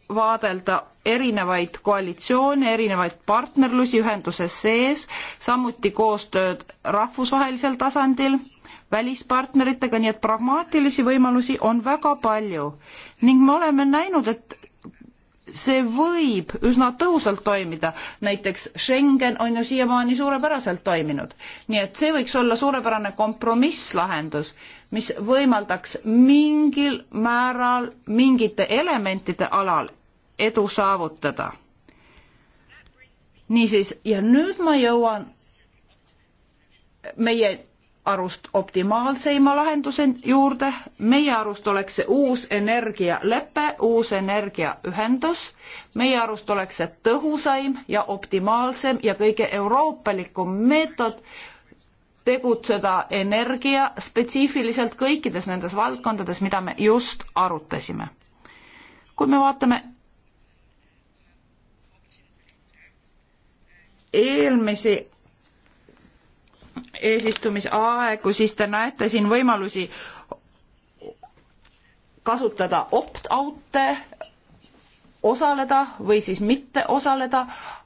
vaadelda erinevaid koalitsioone, erinevaid partnerlusi ühenduse sees, samuti koostööd rahvusvahelisel tasandil välispartneritega, nii et pragmaatilisi võimalusi on väga palju ning me oleme näinud, et see võib üsna tõhusalt toimida, näiteks Schengen on ju siiamaani suurepäraselt toiminud, nii et see võiks olla suurepärane kompromisslahendus, mis võimaldaks mingil määral mingite elementide alal edu saavutada. niisiis, ja nüüd ma jõuan meie arust optimaalseima lahenduse juurde, meie arust oleks see uus energialepe, uus energiaühendus, meie arust oleks see tõhusaim ja optimaalsem ja kõige euroopalikum meetod tegutseda energia spetsiifiliselt kõikides nendes valdkondades, mida me just arutasime. kui me vaatame eelmisi eesistumisaegu, siis te näete siin võimalusi kasutada opt-out'e, osaleda või siis mitte osaleda,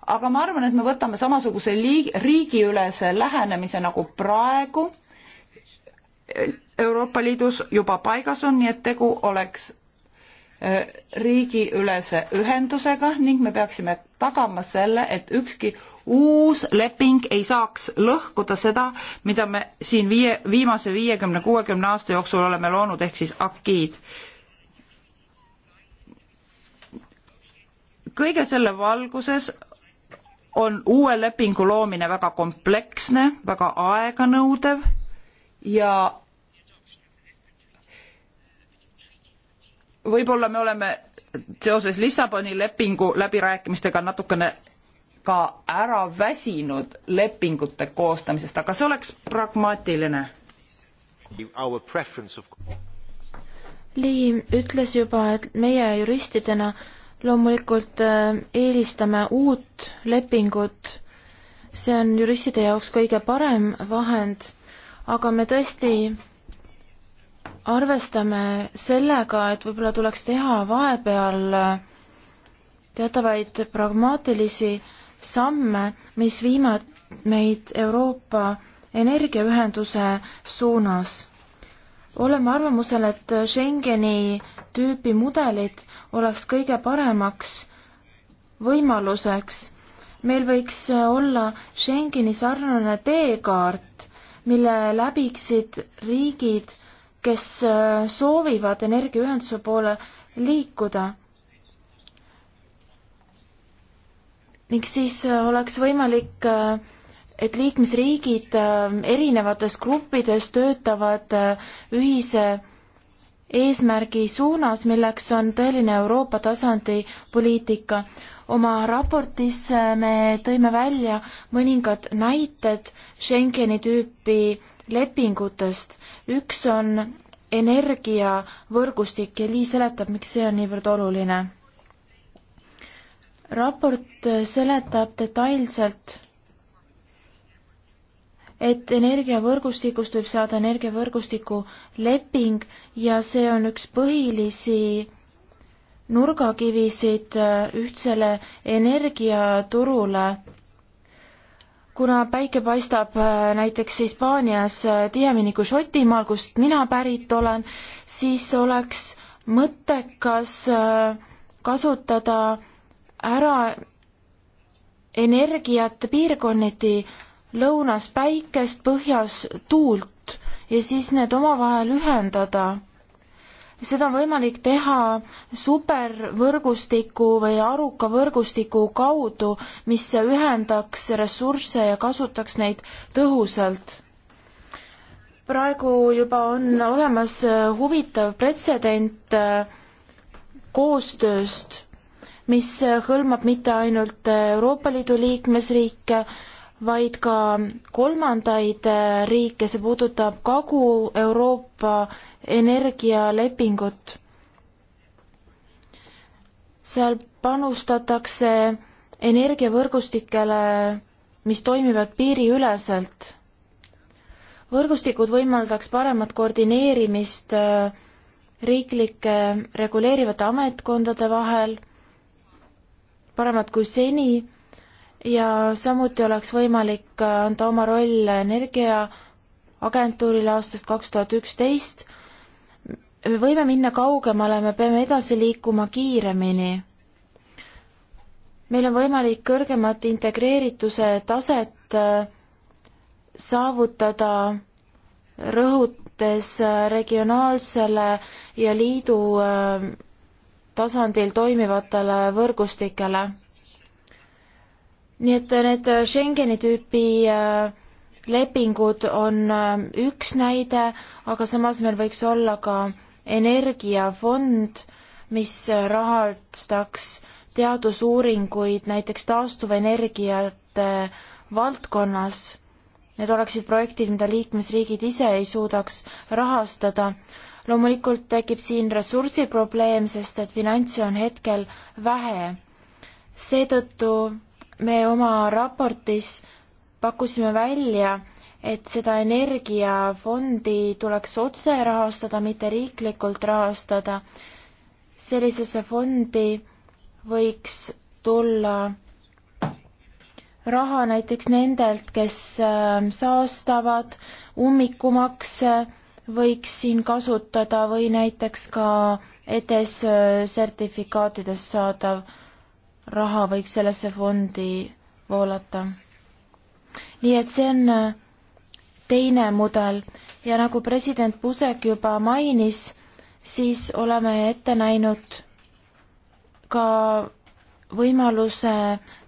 aga ma arvan, et me võtame samasuguse liig-, riigiülese lähenemise nagu praegu Euroopa Liidus juba paigas on, nii et tegu oleks äh, riigiülese ühendusega ning me peaksime tagama selle, et ükski uus leping ei saaks lõhkuda seda, mida me siin viie, viimase viiekümne, kuuekümne aasta jooksul oleme loonud, ehk siis akiid. kõige selle valguses on uue lepingu loomine väga kompleksne, väga aeganõudev ja võib-olla me oleme seoses Lissaboni lepingu läbirääkimistega natukene ka ära väsinud lepingute koostamisest, aga see oleks pragmaatiline. Lii ütles juba, et meie juristidena loomulikult äh, eelistame uut lepingut, see on juristide jaoks kõige parem vahend, aga me tõesti arvestame sellega, et võib-olla tuleks teha vahepeal äh, teatavaid pragmaatilisi samme, mis viivad meid Euroopa energiaühenduse suunas. oleme arvamusel, et Schengeni tüüpi mudelid oleks kõige paremaks võimaluseks. meil võiks olla Schengeni sarnane teekaart, mille läbiksid riigid, kes soovivad energiaühenduse poole liikuda ning siis äh, oleks võimalik, äh, et liikmesriigid äh, erinevates gruppides töötavad ühise eesmärgi suunas, milleks on tõeline Euroopa tasandi poliitika. oma raportis me tõime välja mõningad näited Schengeni tüüpi lepingutest. üks on energiavõrgustik ja Lii seletab, miks see on niivõrd oluline raport äh, seletab detailselt, et energiavõrgustikust võib saada energiavõrgustiku leping ja see on üks põhilisi nurgakivisid äh, ühtsele energiaturule. kuna päike paistab äh, näiteks Hispaanias tihemini kui Šotimaal, kust mina pärit olen, siis oleks mõttekas kasutada ära energiat piirkonniti, lõunas päikest, põhjas tuult ja siis need omavahel ühendada. seda on võimalik teha supervõrgustiku või aruka võrgustiku kaudu, mis ühendaks ressursse ja kasutaks neid tõhusalt. praegu juba on olemas huvitav pretsedent äh, koostööst mis hõlmab mitte ainult Euroopa Liidu liikmesriike, vaid ka kolmandaid riike, see puudutab Kagu-Euroopa energialepingut. seal panustatakse energiavõrgustikele, mis toimivad piiriüleselt. võrgustikud võimaldaks paremat koordineerimist riiklike reguleerivate ametkondade vahel paremad kui seni ja samuti oleks võimalik äh, anda oma roll energiaagentuurile aastast kaks tuhat üksteist. me võime minna kaugemale, me peame edasi liikuma kiiremini. meil on võimalik kõrgemat integreerituse taset äh, saavutada rõhutes äh, regionaalsele ja liidu tasandil toimivatele võrgustikele. nii et need Schengeni tüüpi äh, lepingud on äh, üks näide, aga samas meil võiks olla ka energiafond, mis rahastaks teadusuuringuid näiteks taastuvenergiate valdkonnas. Need oleksid projektid, mida liikmesriigid ise ei suudaks rahastada loomulikult tekib siin ressursiprobleem, sest et finantse on hetkel vähe. seetõttu me oma raportis pakkusime välja, et seda energiafondi tuleks otse rahastada, mitte riiklikult rahastada. sellisesse fondi võiks tulla raha näiteks nendelt, kes äh, saastavad, ummikumakse võiks siin kasutada või näiteks ka EDS sertifikaatidest saadav raha võiks sellesse fondi voolata. nii et see on äh, teine mudel ja nagu president Pusek juba mainis, siis oleme ette näinud ka võimaluse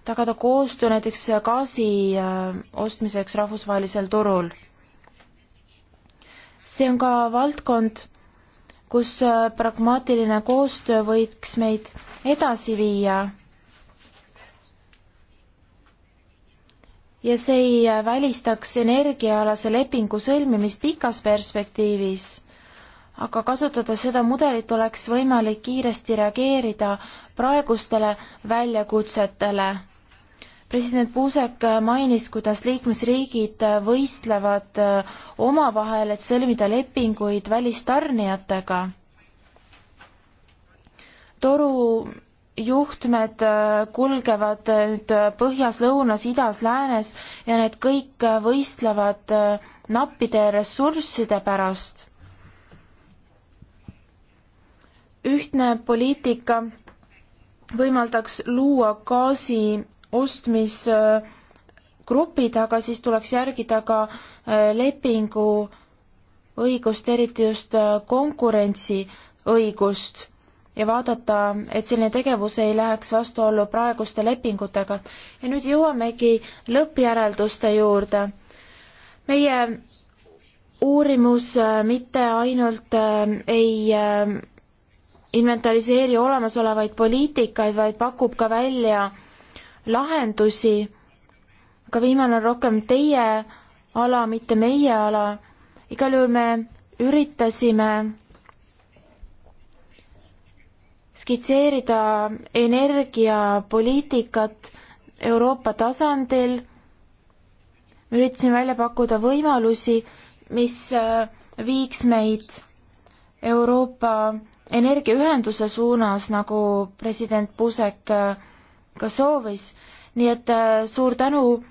tagada koostöö näiteks gaasi äh, ostmiseks rahvusvahelisel turul see on ka valdkond, kus äh, pragmaatiline koostöö võiks meid edasi viia. ja see ei äh, välistaks energiaalase lepingu sõlmimist pikas perspektiivis, aga kasutades seda mudelit, oleks võimalik kiiresti reageerida praegustele väljakutsetele president Puusek mainis, kuidas liikmesriigid võistlevad äh, omavahel, et sõlmida lepinguid välistarnijatega. toru juhtmed äh, kulgevad nüüd äh, põhjas, lõunas, idas, läänes ja need kõik võistlevad nappide ressursside pärast. ühtne poliitika võimaldaks luua gaasi ostmisgrupid, aga siis tuleks järgida ka äh, lepingu õigust, eriti just äh, konkurentsiõigust ja vaadata, et selline tegevus ei läheks vastuollu praeguste lepingutega. ja nüüd jõuamegi lõppjärelduste juurde. meie uurimus äh, mitte ainult ei inventariseeri olemasolevaid poliitikaid, vaid pakub ka välja lahendusi, aga viimane on rohkem teie ala, mitte meie ala. igal juhul me üritasime skitseerida energiapoliitikat Euroopa tasandil, üritasime välja pakkuda võimalusi, mis äh, viiks meid Euroopa energiaühenduse suunas, nagu president Pusek äh, ka soovis. nii et äh, suur tänu,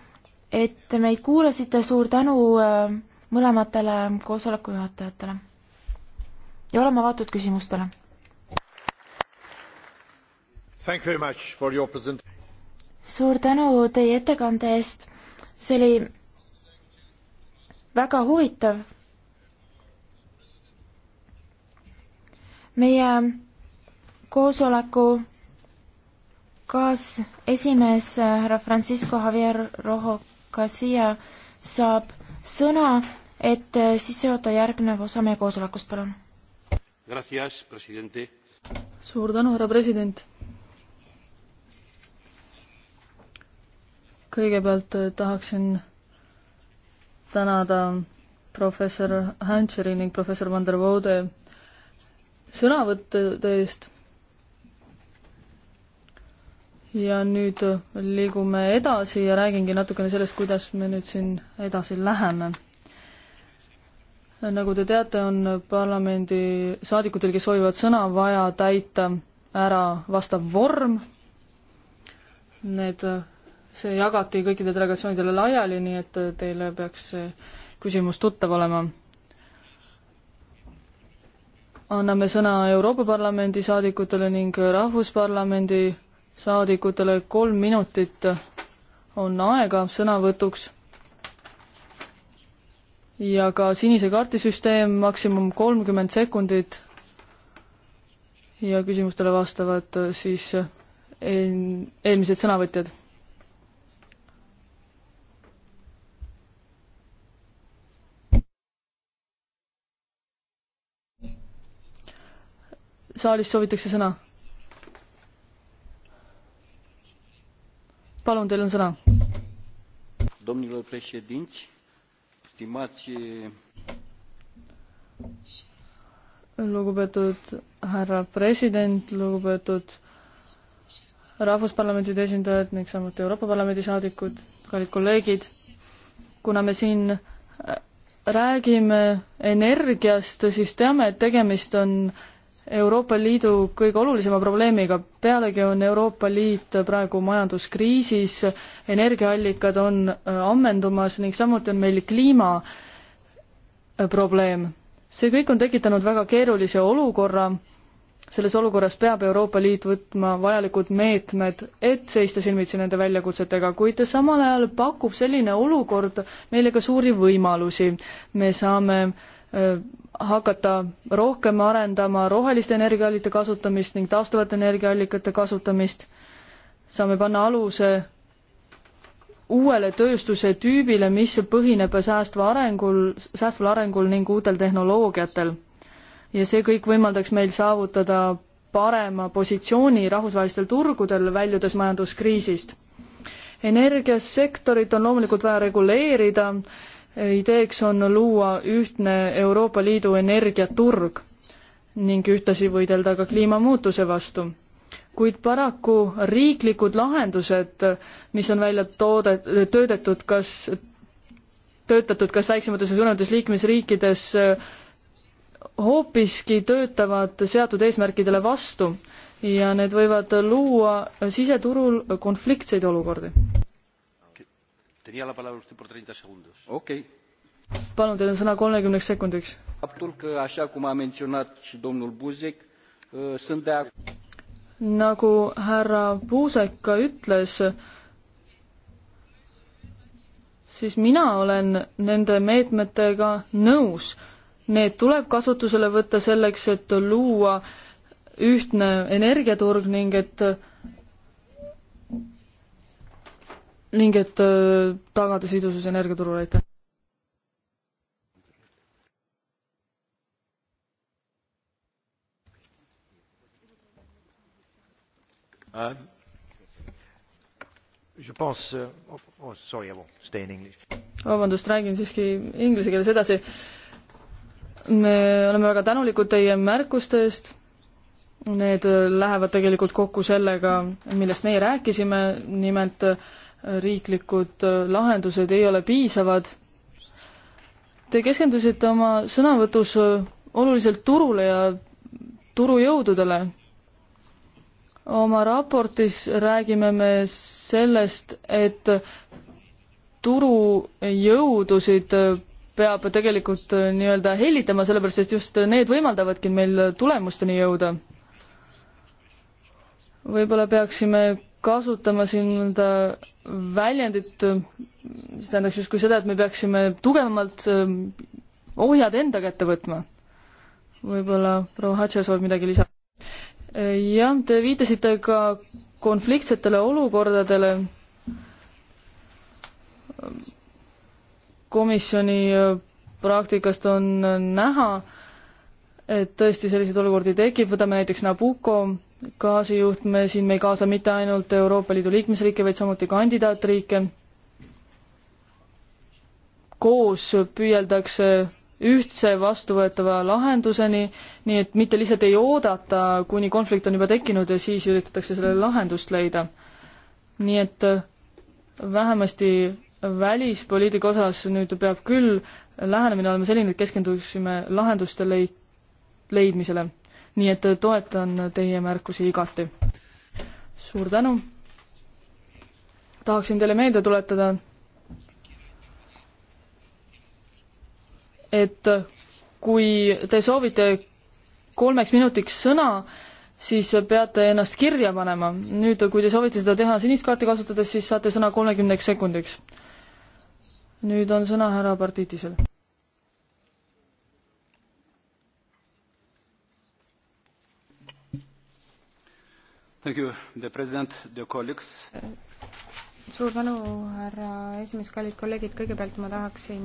et meid kuulasite, suur tänu äh, mõlematele koosoleku juhatajatele. ja oleme avatud küsimustele. suur tänu teie ettekande eest, see oli väga huvitav. meie koosoleku kaasesimees äh, härra Francisco Javier Rojo Garcia saab sõna, et äh, sisse juhatada järgnev osa meie koosolekust, palun. suur tänu, härra president. kõigepealt äh, tahaksin tänada professor Hancheri ning professor Van der Voode sõnavõttude eest ja nüüd liigume edasi ja räägingi natukene sellest, kuidas me nüüd siin edasi läheme. nagu te teate, on parlamendi saadikutel, kes soovivad sõna, vaja täita ära vastav vorm. Need, see jagati kõikide delegatsioonidele laiali, nii et teile peaks see küsimus tuttav olema anname sõna Euroopa Parlamendi saadikutele ning Rahvusparlamendi saadikutele kolm minutit on aega sõnavõtuks. ja ka sinise kaardi süsteem, maksimum kolmkümmend sekundit. ja küsimustele vastavad siis eel-, eelmised sõnavõtjad saalist soovitakse sõna? palun, teil on sõna. Domnilor președinți, stimați lugupeetud härra president, lugupeetud rahvusparlamentide esindajad ning samuti Euroopa Parlamendi saadikud, kallid kolleegid, kuna me siin äh, räägime energiast, siis teame, et tegemist on Euroopa Liidu kõige olulisema probleemiga, pealegi on Euroopa Liit praegu majanduskriisis, energiaallikad on äh, ammendumas ning samuti on meil kliimaprobleem. Äh, see kõik on tekitanud väga keerulise olukorra, selles olukorras peab Euroopa Liit võtma vajalikud meetmed, et seista silmitsi nende väljakutsetega, kuid samal ajal pakub selline olukord meile ka suuri võimalusi. me saame äh, hakata rohkem arendama roheliste energiaallikate kasutamist ning taastuvate energiaallikate kasutamist. saame panna aluse uuele tööstuse tüübile, mis põhineb säästva arengul, säästval arengul ning uutel tehnoloogiatel. ja see kõik võimaldaks meil saavutada parema positsiooni rahvusvahelistel turgudel, väljudes majanduskriisist. energiasektorit on loomulikult vaja reguleerida ideeks on luua ühtne Euroopa Liidu energiaturg ning ühtlasi võidelda ka kliimamuutuse vastu. kuid paraku riiklikud lahendused, mis on välja toode, töödetud kas, töötatud kas väiksemates või suuremates liikmesriikides, hoopiski töötavad seatud eesmärkidele vastu ja need võivad luua siseturul konfliktseid olukordi Okay. palun, teil on sõna kolmekümneks sekundiks. nagu härra Puusek ka ütles, siis mina olen nende meetmetega nõus. Need tuleb kasutusele võtta selleks, et luua ühtne energiaturg ning et ning et äh, tagada sidusus energiaturul, aitäh. Uh, uh, oh, oh, vabandust, räägin siiski inglise keeles edasi. me oleme väga tänulikud teie märkuste eest need äh, lähevad tegelikult kokku sellega, millest meie rääkisime, nimelt äh, riiklikud äh, lahendused ei ole piisavad. Te keskendusite oma sõnavõtus äh, oluliselt turule ja turujõududele. oma raportis räägime me sellest, et turujõudusid äh, peab tegelikult nii-öelda hellitama, sellepärast et just need võimaldavadki meil tulemusteni jõuda. võib-olla peaksime kasutama siin nõnda väljendit, mis tähendaks justkui seda, et me peaksime tugevamalt ähm, ohjad enda kätte võtma. võib-olla proua Hatša soovib midagi lisada? Äh, jah, te viitasite ka konfliktsetele olukordadele komisjoni äh, praktikast on äh, näha, et tõesti selliseid olukordi tekib, võtame näiteks Nabucco gaasijuhtme, siin me ei kaasa mitte ainult Euroopa Liidu liikmesriike, vaid samuti kandidaatriike. koos püüeldakse ühtse vastuvõetava lahenduseni, nii et mitte lihtsalt ei oodata, kuni konflikt on juba tekkinud ja siis üritatakse sellele lahendust leida. nii et äh, vähemasti välispoliitika osas nüüd peab küll lähenemine olema selline, et keskenduksime lahenduste leid-, leidmisele nii et äh, toetan äh, teie märkusi igati. suur tänu. tahaksin teile meelde tuletada, et äh, kui te soovite kolmeks minutiks sõna, siis peate ennast kirja panema. nüüd, kui te soovite seda teha sinist kaarti kasutades, siis saate sõna kolmekümneks sekundiks. nüüd on sõna härra Partitisel suur tänu, härra esimees, kallid kolleegid, kõigepealt ma tahaksin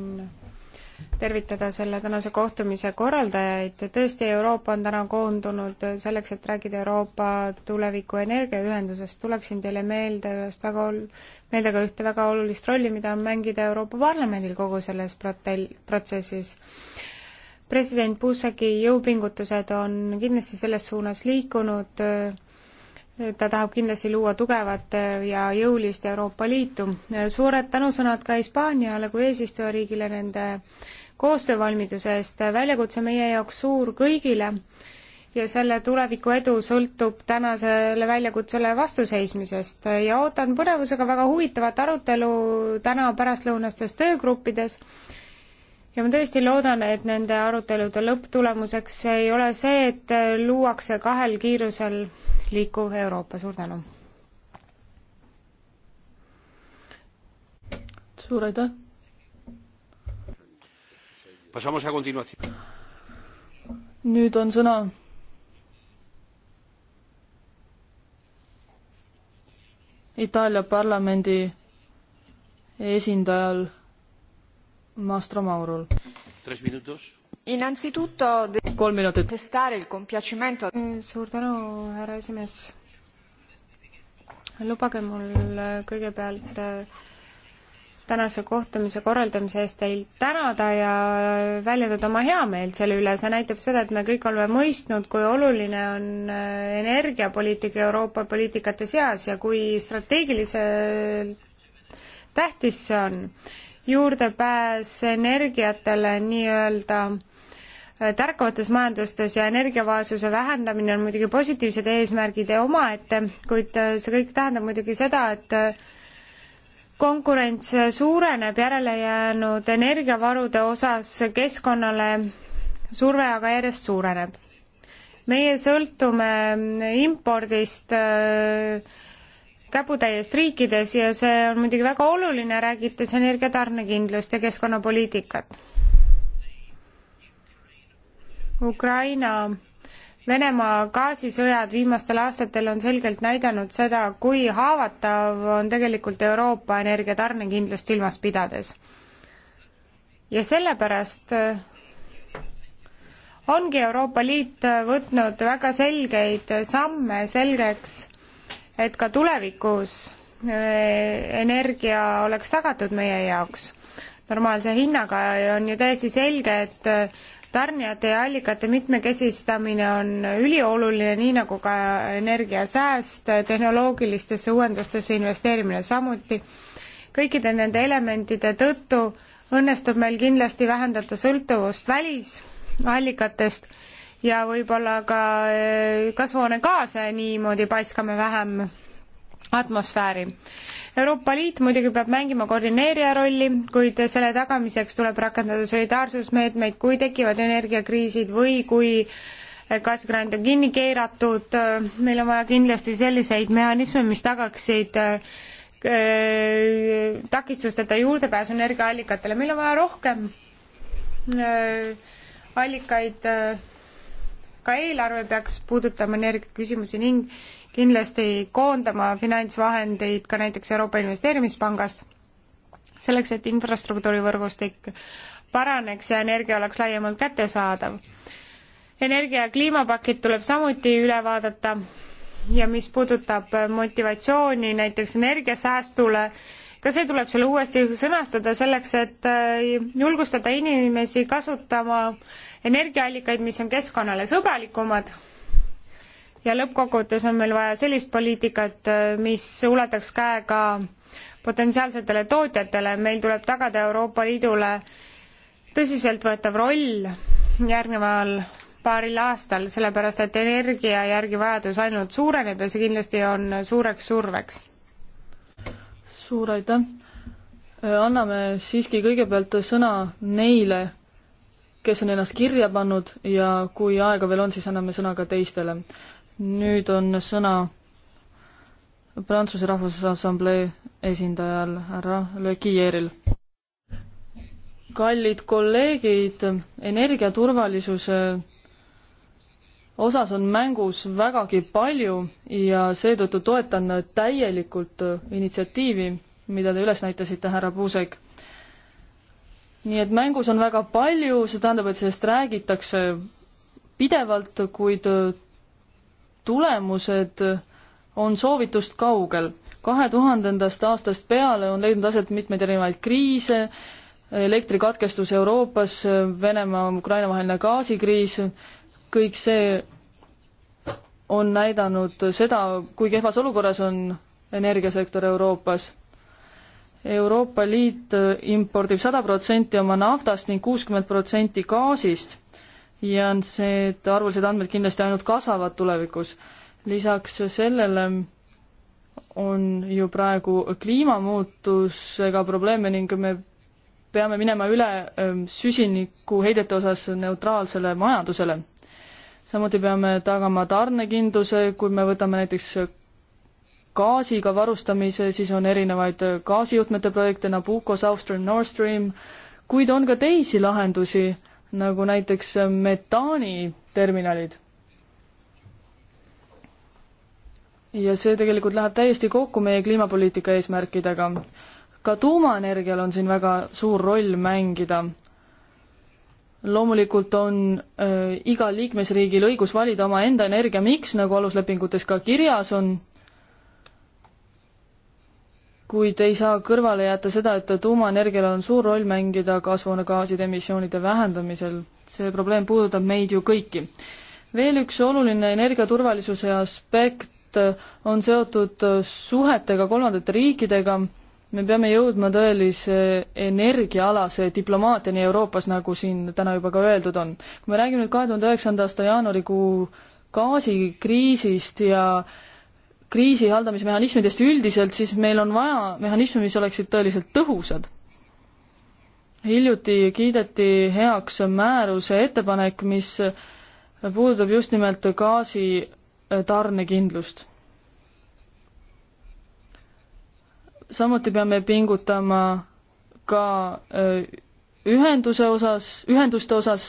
tervitada selle tänase kohtumise korraldajaid. tõesti, Euroopa on täna koondunud selleks, et rääkida Euroopa tuleviku energiaühendusest. tuleksin teile meelde ühest väga ol-, meelde ka ühte väga olulist rolli, mida on mängida Euroopa Parlamendil kogu selles protel-, protsessis. president Buzeki jõupingutused on kindlasti selles suunas liikunud ta tahab kindlasti luua tugevat ja jõulist Euroopa Liitu. suured tänusõnad ka Hispaaniale kui eesistujariigile nende koostöövalmiduse eest, väljakutse meie jaoks suur kõigile ja selle tuleviku edu sõltub tänasele väljakutsele vastuseismisest ja ootan põnevusega väga huvitavat arutelu täna pärastlõunastes töögruppides ja ma tõesti loodan, et nende arutelude lõpptulemuseks ei ole see, et luuakse kahel kiirusel liikuv Euroopa, suur tänu! suur aitäh! nüüd on sõna Itaalia parlamendi esindajal Mastro Maurul. Innanzitutto kolm minutit. Mm, suur tänu, härra esimees. lubage mul äh, kõigepealt äh, tänase kohtumise korraldamise eest teid tänada ja äh, väljendada oma heameelt selle üle, see näitab seda, et me kõik oleme mõistnud, kui oluline on energiapoliitika Euroopa poliitikate seas ja kui strateegiliselt tähtis see on juurdepääs energiatele nii-öelda äh, tärkavates majandustes ja energiavaesuse vähendamine on muidugi positiivsed eesmärgid ja omaette, kuid äh, see kõik tähendab muidugi seda, et äh, konkurents suureneb järelejäänud energiavarude osas, keskkonnale surve aga järjest suureneb. meie sõltume impordist äh, käputäiest riikides ja see on muidugi väga oluline, räägites energiatarnekindlust ja keskkonnapoliitikat. Ukraina Venemaa gaasisõjad viimastel aastatel on selgelt näidanud seda, kui haavatav on tegelikult Euroopa energiatarnekindlust silmas pidades. ja sellepärast ongi Euroopa Liit võtnud väga selgeid samme selgeks et ka tulevikus eh, energia oleks tagatud meie jaoks normaalse hinnaga ja on ju täiesti selge, et eh, tarnijate ja allikate mitmekesistamine on ülioluline, nii nagu ka energiasääst, tehnoloogilistesse uuendustesse investeerimine samuti. kõikide nende elementide tõttu õnnestub meil kindlasti vähendada sõltuvust välisallikatest ja võib-olla ka eh, kasvuhoonegaase niimoodi paiskame vähem atmosfääri. Euroopa Liit muidugi peab mängima koordineerija rolli, kuid selle tagamiseks tuleb rakendada solidaarsusmeetmeid, kui tekivad energiakriisid või kui gaasikrand on kinni keeratud, meil on vaja kindlasti selliseid mehhanisme, mis tagaksid eh, takistusteta juurdepääsu energiaallikatele, meil on vaja rohkem eh, allikaid ka eelarve peaks puudutama energiaküsimusi ning kindlasti koondama finantsvahendeid ka näiteks Euroopa Investeerimispangast, selleks et infrastruktuurivõrgustik paraneks ja energia oleks laiemalt kättesaadav. energia- ja kliimapakett tuleb samuti üle vaadata ja mis puudutab motivatsiooni näiteks energiasäästule, ka see tuleb seal uuesti sõnastada selleks, et äh, julgustada inimesi kasutama energiaallikaid, mis on keskkonnale sõbralikumad ja lõppkokkuvõttes on meil vaja sellist poliitikat, äh, mis ulataks käega potentsiaalsetele tootjatele, meil tuleb tagada Euroopa Liidule tõsiseltvõetav roll järgneval paaril aastal, sellepärast et energia järgi vajadus ainult suureneb ja see kindlasti on suureks surveks suur aitäh! Äh, anname siiski kõigepealt sõna neile, kes on ennast kirja pannud ja kui aega veel on, siis anname sõna ka teistele. nüüd on sõna Prantsuse Rahvusassamblee esindajal härra Le Guilleril. kallid kolleegid, energiaturvalisuse osas on mängus vägagi palju ja seetõttu toetan täielikult initsiatiivi, mida te üles näitasite, härra Puusek. nii et mängus on väga palju, see tähendab, et sellest räägitakse pidevalt, kuid tulemused on soovitust kaugel. kahe tuhandendast aastast peale on leidnud aset mitmeid erinevaid kriise, elektrikatkestus Euroopas, Venemaa-Ukraina vaheline gaasikriis, kõik see on näidanud seda, kui kehvas olukorras on energiasektor Euroopas. Euroopa Liit impordib sada protsenti oma naftast ning kuuskümmend protsenti gaasist ja need arvulised andmed kindlasti ainult kasvavad tulevikus. lisaks sellele on ju praegu kliimamuutusega probleeme ning me peame minema üle ähm, süsinikuheidete osas neutraalsele majandusele samuti peame tagama tarnekindluse, kui me võtame näiteks gaasiga varustamise, siis on erinevaid gaasijuhtmete projekte Nabucco, South Stream, Nord Stream, kuid on ka teisi lahendusi, nagu näiteks metaaniterminalid. ja see tegelikult läheb täiesti kokku meie kliimapoliitika eesmärkidega. ka tuumaenergial on siin väga suur roll mängida loomulikult on äh, igal liikmesriigil õigus valida omaenda energiamiks, nagu aluslepingutes ka kirjas on, kuid ei saa kõrvale jätta seda, et tuumaenergial on suur roll mängida kasvuhoonegaaside emissioonide vähendamisel. see probleem puudutab meid ju kõiki. veel üks oluline energiaturvalisuse aspekt on seotud suhetega kolmandate riikidega me peame jõudma tõelise energiaalase diplomaatiani Euroopas, nagu siin täna juba ka öeldud on. kui me räägime nüüd kahe tuhande üheksanda aasta jaanuarikuu gaasikriisist ja kriisi haldamismehhanismidest üldiselt, siis meil on vaja mehhanisme, mis oleksid tõeliselt tõhusad. hiljuti kiideti heaks määruse ettepanek, mis puudutab just nimelt gaasi tarnekindlust samuti peame pingutama ka ühenduse osas, ühenduste osas,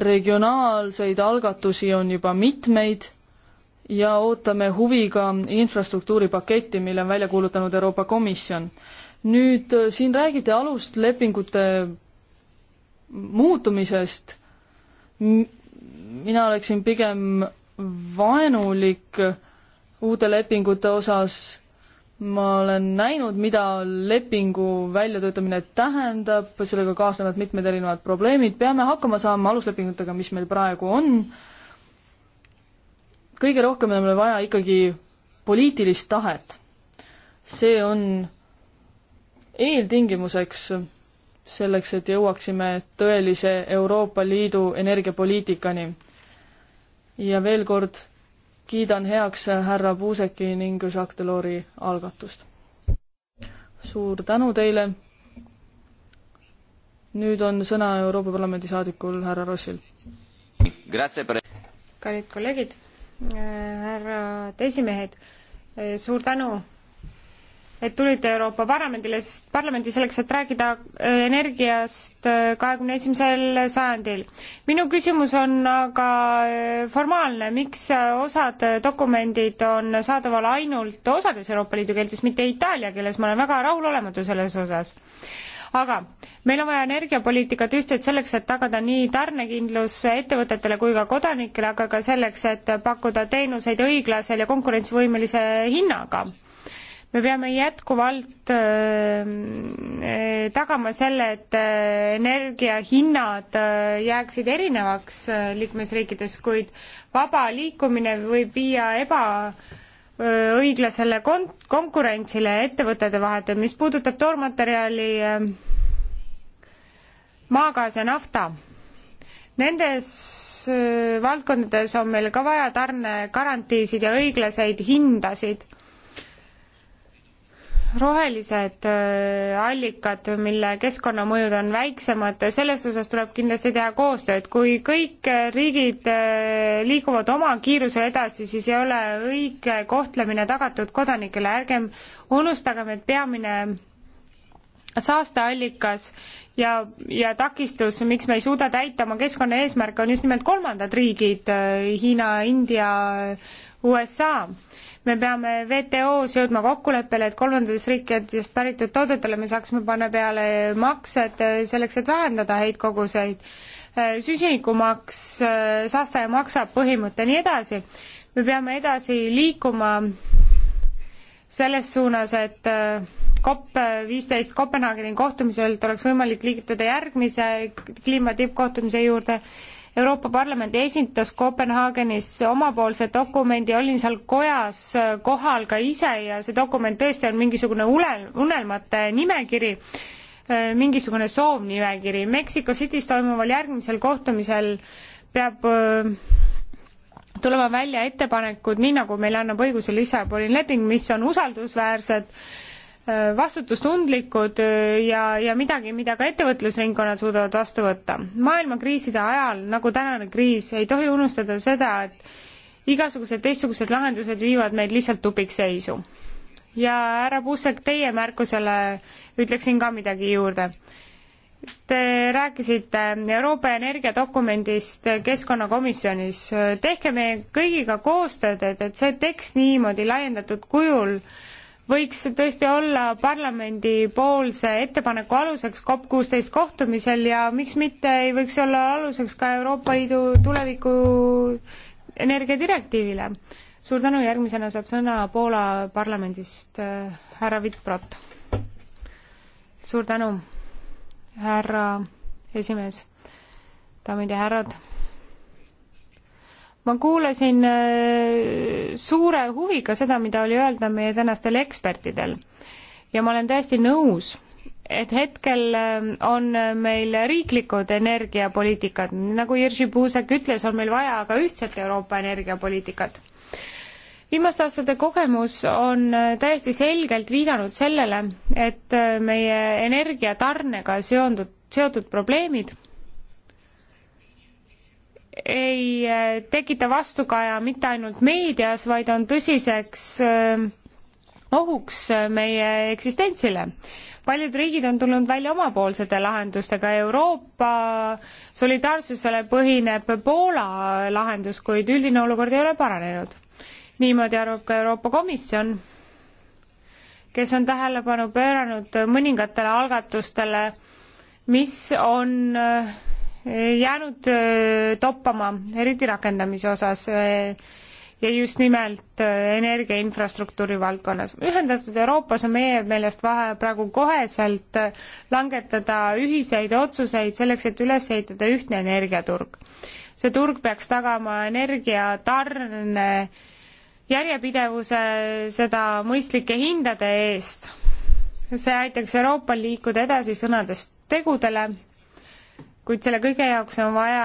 regionaalseid algatusi on juba mitmeid ja ootame huviga infrastruktuuripaketti, mille on välja kuulutanud Euroopa Komisjon. nüüd siin räägiti aluslepingute muutumisest, mina oleksin pigem vaenulik uute lepingute osas ma olen näinud, mida lepingu väljatöötamine tähendab, sellega kaasnevad mitmed erinevad probleemid, peame hakkama saama aluslepingutega, mis meil praegu on. kõige rohkem on meil vaja ikkagi poliitilist tahet. see on eeltingimuseks selleks, et jõuaksime tõelise Euroopa Liidu energiapoliitikani. ja veel kord kiidan heaks härra Puuseki ning Jacques Delors'i algatust. suur tänu teile. nüüd on sõna Euroopa Parlamendi saadikul härra Rossil. kallid kolleegid, äh, härrad esimehed, äh, suur tänu et tulite Euroopa Parlamendile, parlamendi selleks, et rääkida äh, energiast äh, kahekümne esimesel sajandil. minu küsimus on aga äh, formaalne, miks osad dokumendid on saadaval ainult osades Euroopa Liidu keeltes, mitte itaalia keeles, ma olen väga rahulolematu selles osas aga meil on vaja energiapoliitikat ühtselt selleks, et tagada nii tarnekindlus ettevõtetele kui ka kodanikele, aga ka selleks, et pakkuda teenuseid õiglasel ja konkurentsivõimelise hinnaga me peame jätkuvalt äh, äh, tagama selle, et äh, energiahinnad jääksid erinevaks liikmesriikides, kuid vaba liikumine võib viia ebaõiglasele kon-, konkurentsile ettevõtete vahel, mis puudutab toormaterjali maagaas ja nafta. Nendes valdkondades on meil ka vaja tarnegarantiisid ja õiglaseid hindasid rohelised äh, allikad, mille keskkonnamõjud on väiksemad, selles osas tuleb kindlasti teha koostööd. kui kõik riigid äh, liiguvad oma kiirusel edasi, siis ei ole õige kohtlemine tagatud kodanikele. ärgem unustagem, et peamine saasteallikas ja, ja takistus, miks me ei suuda täita oma keskkonnaeesmärke, on just nimelt kolmandad riigid, äh, Hiina, India, USA me peame WTO-s jõudma kokkuleppele, et kolmandatest riikidest päritud toodetele me saaksime panna peale maksed selleks, et vähendada heitkoguseid, süsinikumaks, saastaja maksab põhimõte, nii edasi. me peame edasi liikuma selles suunas, et COP viisteist Kopenhaageni kohtumiselt oleks võimalik liigutada järgmise kliima tippkohtumise juurde Euroopa Parlament esindas Kopenhaagenis omapoolse dokumendi, olin seal kojas äh, kohal ka ise ja see dokument tõesti on mingisugune unel-, unelmate nimekiri, äh, mingisugune soovnimekiri. Mexico City's toimuval järgmisel kohtumisel peab äh, tulema välja ettepanekud, nii nagu meile annab õiguse Lissaboni leping, mis on usaldusväärsed vastutustundlikud äh, ja, ja midagi, mida ka ettevõtlusringkonnad suudavad vastu võtta. maailmakriiside ajal, nagu tänane kriis, ei tohi unustada seda, et igasugused teistsugused lahendused viivad meid lihtsalt tupikseisu. ja härra Puusek, teie märkusele ütleksin ka midagi juurde. Te rääkisite Euroopa energiadokumendist Keskkonnakomisjonis. tehke meie kõigiga koostööd, et, et see tekst niimoodi laiendatud kujul äh, võiks tõesti olla parlamendipoolse ettepaneku aluseks COP kuusteist kohtumisel ja miks mitte ei võiks olla aluseks ka Euroopa Liidu tuleviku energiadirektiivile. suur tänu, järgmisena saab sõna Poola parlamendist äh, härra Vitprot. suur tänu, härra esimees, daamid ja härrad ma kuulasin äh, suure huviga seda, mida oli öelda meie tänastel ekspertidel ja ma olen täiesti nõus, et hetkel äh, on meil riiklikud energiapoliitikad, nagu Jerzy Puusek ütles, on meil vaja ka ühtset Euroopa energiapoliitikat. viimaste aastate kogemus on äh, täiesti selgelt viidanud sellele, et meie energiatarnega seondud, seotud probleemid ei äh, tekita vastukaja mitte ainult meedias, vaid on tõsiseks äh, ohuks äh, meie eksistentsile. paljud riigid on tulnud välja omapoolsete lahendustega, Euroopa solidaarsusele põhineb Poola lahendus, kuid üldine olukord ei ole paranenud. niimoodi arvab ka Euroopa Komisjon, kes on tähelepanu pööranud mõningatele algatustele, mis on äh, jäänud äh, toppama, eriti rakendamise osas äh, ja just nimelt äh, energiainfrastruktuuri valdkonnas. ühendatud Euroopas on meie meelest vaja praegu koheselt langetada ühiseid otsuseid selleks, et üles ehitada ühtne energiaturg. see turg peaks tagama energiatarne järjepidevuse seda mõistlike hindade eest. see aitaks Euroopal liikuda edasi sõnadest tegudele kuid selle kõige jaoks on vaja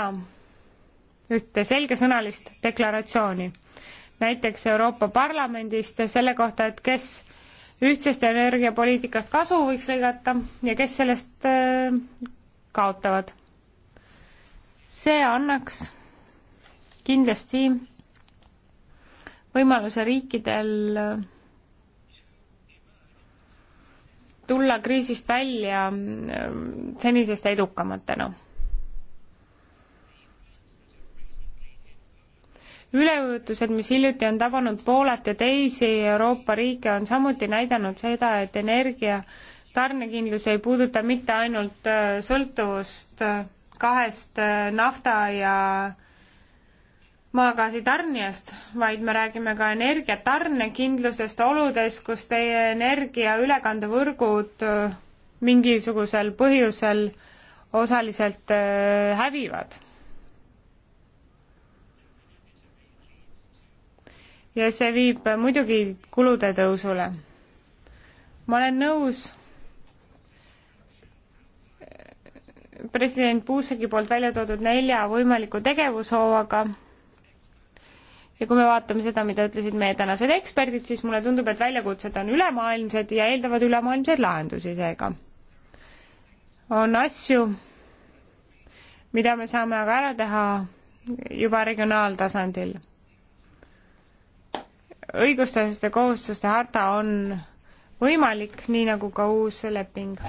ühte selgesõnalist deklaratsiooni, näiteks Euroopa Parlamendist selle kohta, et kes ühtsest energiapoliitikast kasu võiks lõigata ja kes sellest äh, kaotavad. see annaks kindlasti võimaluse riikidel äh, tulla kriisist välja äh, senisest edukamatena no üleujutused, mis hiljuti on tabanud Poolat ja teisi Euroopa riike, on samuti näidanud seda, et energia tarnekindlus ei puuduta mitte ainult äh, sõltuvust äh, kahest äh, nafta ja maagaasi tarnijast, vaid me räägime ka energia tarnekindlusest oludes, kus teie energia ülekandevõrgud mingisugusel põhjusel osaliselt hävivad ja see viib muidugi kulude tõusule. ma olen nõus president Buzeki poolt välja toodud nelja võimaliku tegevushooaga ja kui me vaatame seda, mida ütlesid meie tänased eksperdid, siis mulle tundub, et väljakutsed on ülemaailmsed ja eeldavad ülemaailmseid lahendusi seega. on asju, mida me saame aga ära teha juba regionaaltasandil õigustasest ja kohustuste harta on võimalik, nii nagu ka uus leping.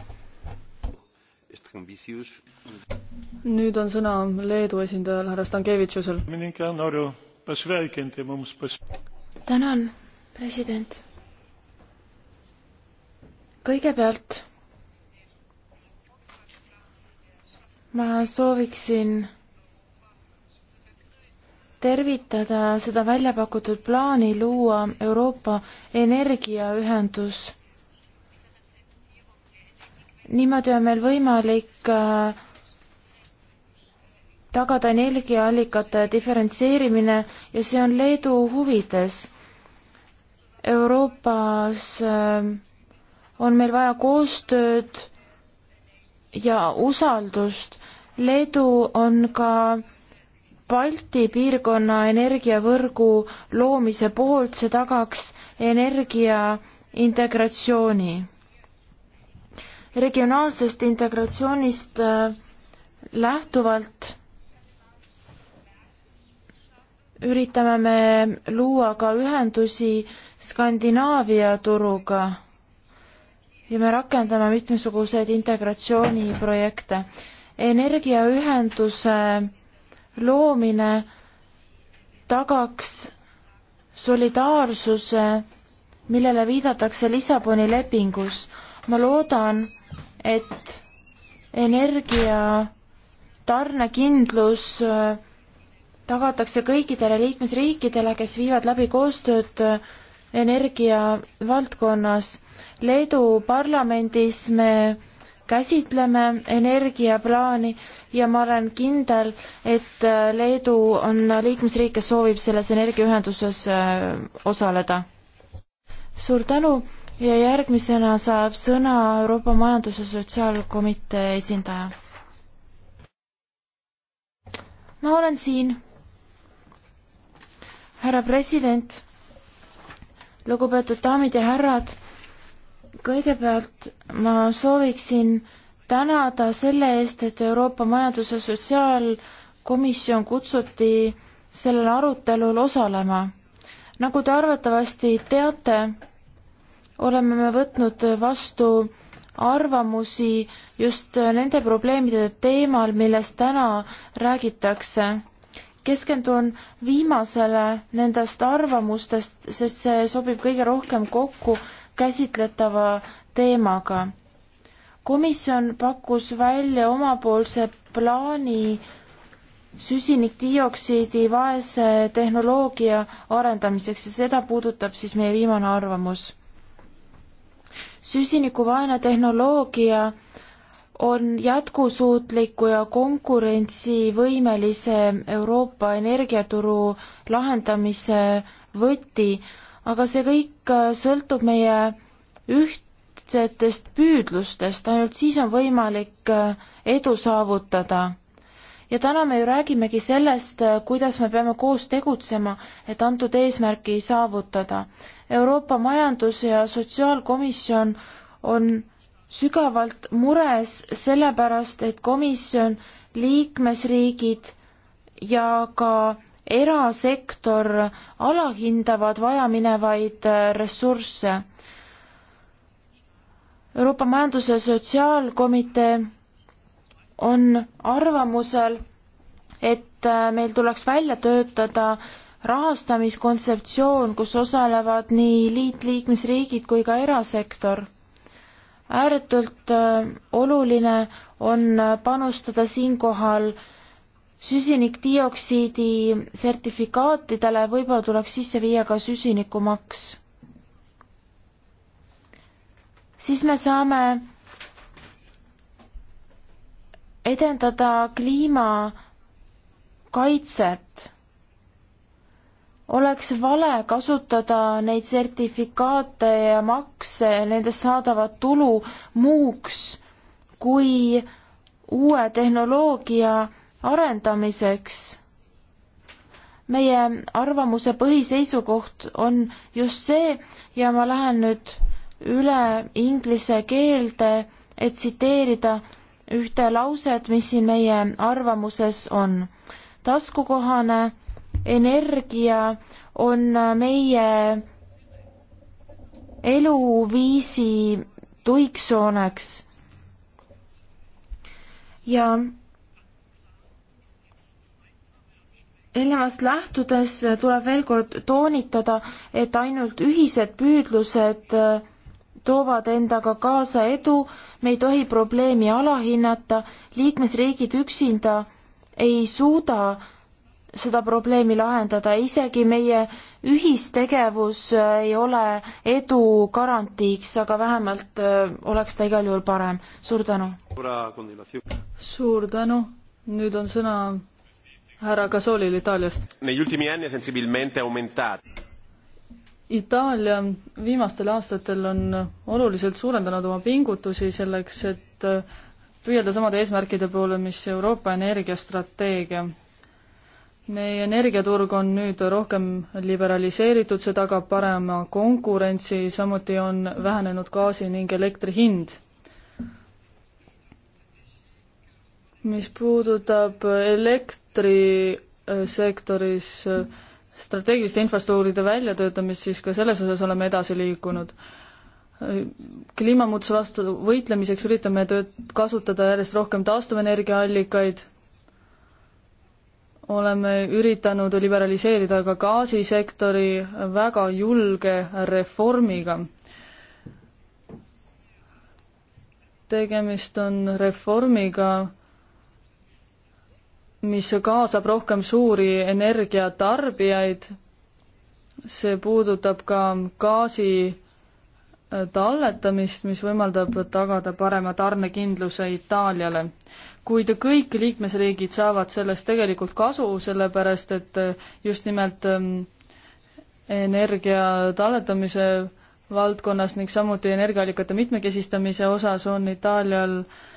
nüüd on sõna Leedu esindajal härra Stankevitšusel. tänan, president. kõigepealt ma sooviksin tervitada seda välja pakutud plaani luua Euroopa energiaühendus. niimoodi on meil võimalik äh, tagada energiaallikate diferentseerimine ja see on Leedu huvides. Euroopas äh, on meil vaja koostööd ja usaldust. Leedu on ka Balti piirkonna energiavõrgu loomise poolt, see tagaks energia integratsiooni. regionaalsest integratsioonist äh, lähtuvalt üritame me luua ka ühendusi Skandinaavia turuga ja me rakendame mitmesuguseid integratsiooniprojekte. energiaühenduse loomine tagaks solidaarsuse, millele viidatakse Lissaboni lepingus. ma loodan, et energia tarnekindlus äh, tagatakse kõikidele liikmesriikidele, kes viivad läbi koostööd äh, energia valdkonnas. Leedu parlamendis me käsitleme energiaplaani ja ma olen kindel, et äh, Leedu on liikmesriik, kes soovib selles energiaühenduses äh, osaleda. suur tänu ja järgmisena saab sõna Euroopa Majandus- ja Sotsiaalkomitee esindaja. ma olen siin. härra president, lugupeetud daamid ja härrad kõigepealt ma sooviksin tänada selle eest, et Euroopa Majandus- ja Sotsiaalkomisjon kutsuti sellel arutelul osalema. nagu te arvatavasti teate, oleme me võtnud vastu arvamusi just nende probleemide teemal, millest täna räägitakse. keskendun viimasele nendest arvamustest, sest see sobib kõige rohkem kokku käsitletava teemaga. komisjon pakkus välja omapoolse plaani süsinikdioksiidi vaese tehnoloogia arendamiseks ja seda puudutab siis meie viimane arvamus. süsinikuvaene tehnoloogia on jätkusuutliku ja konkurentsivõimelise Euroopa energiaturu lahendamise võti aga see kõik äh, sõltub meie ühtsetest püüdlustest, ainult siis on võimalik äh, edu saavutada. ja täna me ju räägimegi sellest, äh, kuidas me peame koos tegutsema, et antud eesmärki saavutada. Euroopa Majandus- ja Sotsiaalkomisjon on sügavalt mures sellepärast, et komisjon, liikmesriigid ja ka erasektor alahindavad vajaminevaid äh, ressursse. Euroopa Majanduse Sotsiaalkomitee on arvamusel, et äh, meil tuleks välja töötada rahastamiskontseptsioon, kus osalevad nii liit, liikmesriigid kui ka erasektor. ääretult äh, oluline on panustada siinkohal äh, süsinikdioksiidi sertifikaatidele võib-olla tuleks sisse viia ka süsinikumaks. siis me saame edendada kliimakaitset. oleks vale kasutada neid sertifikaate ja makse, nendest saadavat tulu muuks kui uue tehnoloogia arendamiseks. meie arvamuse põhiseisukoht on just see ja ma lähen nüüd üle inglise keelde, et tsiteerida ühte lauset, mis siin meie arvamuses on. taskukohane energia on meie eluviisi tuiksooneks ja eelnevast lähtudes tuleb veel kord toonitada, et ainult ühised püüdlused äh, toovad endaga kaasa edu, me ei tohi probleemi alahinnata, liikmesriigid üksinda ei suuda seda probleemi lahendada, isegi meie ühistegevus äh, ei ole edu garantiiks, aga vähemalt äh, oleks ta igal juhul parem. suur tänu! suur tänu, nüüd on sõna härra Gasolil Itaaliast. Itaalia viimastel aastatel on oluliselt suurendanud oma pingutusi selleks, et püüelda samade eesmärkide poole, mis Euroopa energiastrateegia. meie energiaturg on nüüd rohkem liberaliseeritud, see tagab parema konkurentsi, samuti on vähenenud gaasi ning elektri hind mis puudutab elektrisektoris äh, strateegiliste infrastruktuuride väljatöötamist, siis ka selles osas oleme edasi liikunud. Äh, kliimamuutuse vastu võitlemiseks üritame tööd, kasutada järjest rohkem taastuvenergiaallikaid, oleme üritanud liberaliseerida ka gaasisektori väga julge reformiga tegemist on reformiga, mis kaasab rohkem suuri energiatarbijaid. see puudutab ka gaasi äh, talletamist, mis võimaldab tagada parema tarnekindluse Itaaliale. kuid kõik liikmesriigid saavad sellest tegelikult kasu, sellepärast et äh, just nimelt ähm, energia talletamise valdkonnas ning samuti energiaallikate mitmekesistamise osas on Itaalial äh,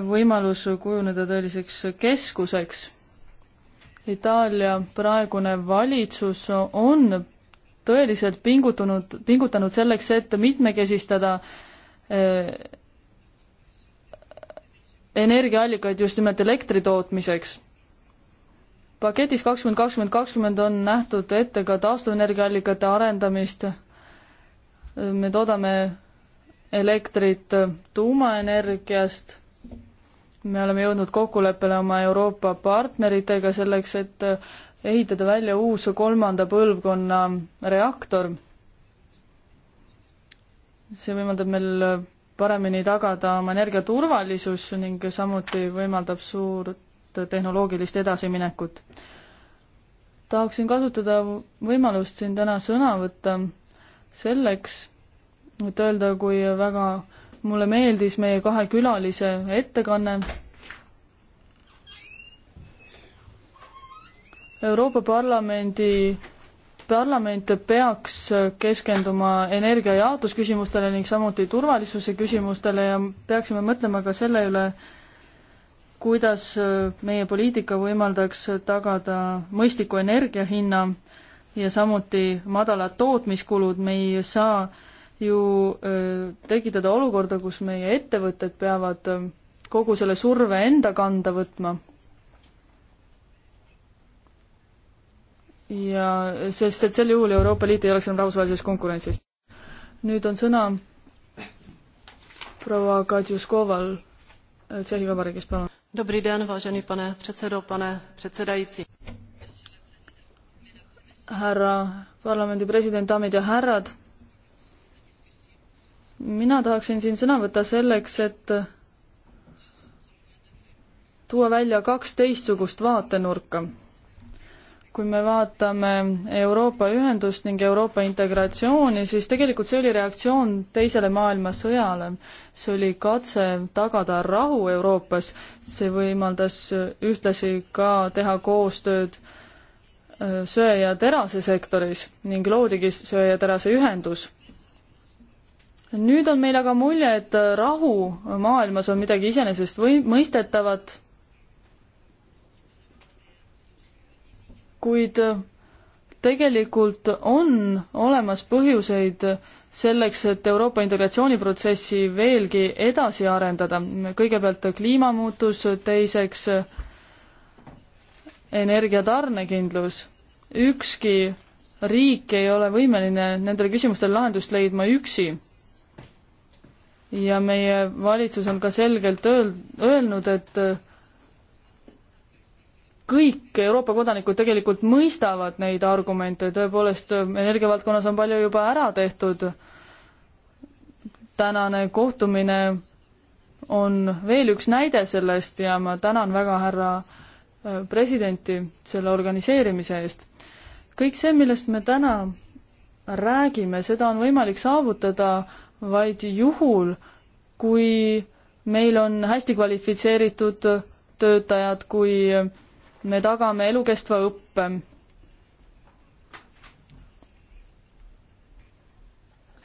võimalus kujuneda tõeliseks keskuseks. Itaalia praegune valitsus on tõeliselt pingutunud, pingutanud selleks, et mitmekesistada eh, energiaallikaid just nimelt elektri tootmiseks. paketis kakskümmend kakskümmend kakskümmend on nähtud ette ka taastuvenergiaallikate arendamist. me toodame elektrit tuumaenergiast me oleme jõudnud kokkuleppele oma Euroopa partneritega selleks, et eh, ehitada välja uus kolmanda põlvkonna reaktor. see võimaldab meil paremini tagada oma energiaturvalisus ning samuti võimaldab suurt tehnoloogilist edasiminekut. tahaksin kasutada võimalust siin täna sõna võtta selleks, et öelda, kui väga mulle meeldis meie kahe külalise ettekanne. Euroopa Parlamendi parlament peaks keskenduma energiajaotusküsimustele ning samuti turvalisuse küsimustele ja peaksime mõtlema ka selle üle, kuidas meie poliitika võimaldaks tagada mõistliku energiahinna ja samuti madalad tootmiskulud, me ei saa äh, ju tekitada olukorda, kus meie ettevõtted peavad kogu selle surve enda kanda võtma. ja sest, et sel juhul Euroopa Liit ei oleks enam rahvusvahelises konkurentsis. nüüd on sõna proua Kadjuskoval Tšehhi Vabariigist, palun. Dobrý den, vážený pane předsedo, pane předsedající. härra parlamendi president, daamid ja härrad mina tahaksin siin sõna võtta selleks, et tuua välja kaks teistsugust vaatenurka. kui me vaatame Euroopa ühendust ning Euroopa integratsiooni, siis tegelikult see oli reaktsioon Teisele maailmasõjale. see oli katse tagada rahu Euroopas, see võimaldas ühtlasi ka teha koostööd äh, söe- ja terasesektoris ning loodigi söe- ja teraseühendus nüüd on meil aga mulje, et äh, rahu maailmas on midagi iseenesest või-, mõistetavat, kuid äh, tegelikult on olemas põhjuseid selleks, et Euroopa integratsiooniprotsessi veelgi edasi arendada. kõigepealt kliimamuutus, teiseks äh, energiatarnekindlus. ükski riik ei ole võimeline nendele küsimustele lahendust leidma üksi ja meie valitsus on ka selgelt öel-, öelnud, et äh, kõik Euroopa kodanikud tegelikult mõistavad neid argumente, tõepoolest äh, energiavaldkonnas on palju juba ära tehtud. tänane kohtumine on veel üks näide sellest ja ma tänan väga härra äh, presidenti selle organiseerimise eest. kõik see, millest me täna räägime, seda on võimalik saavutada vaid juhul, kui meil on hästi kvalifitseeritud töötajad, kui me tagame elukestva õppe.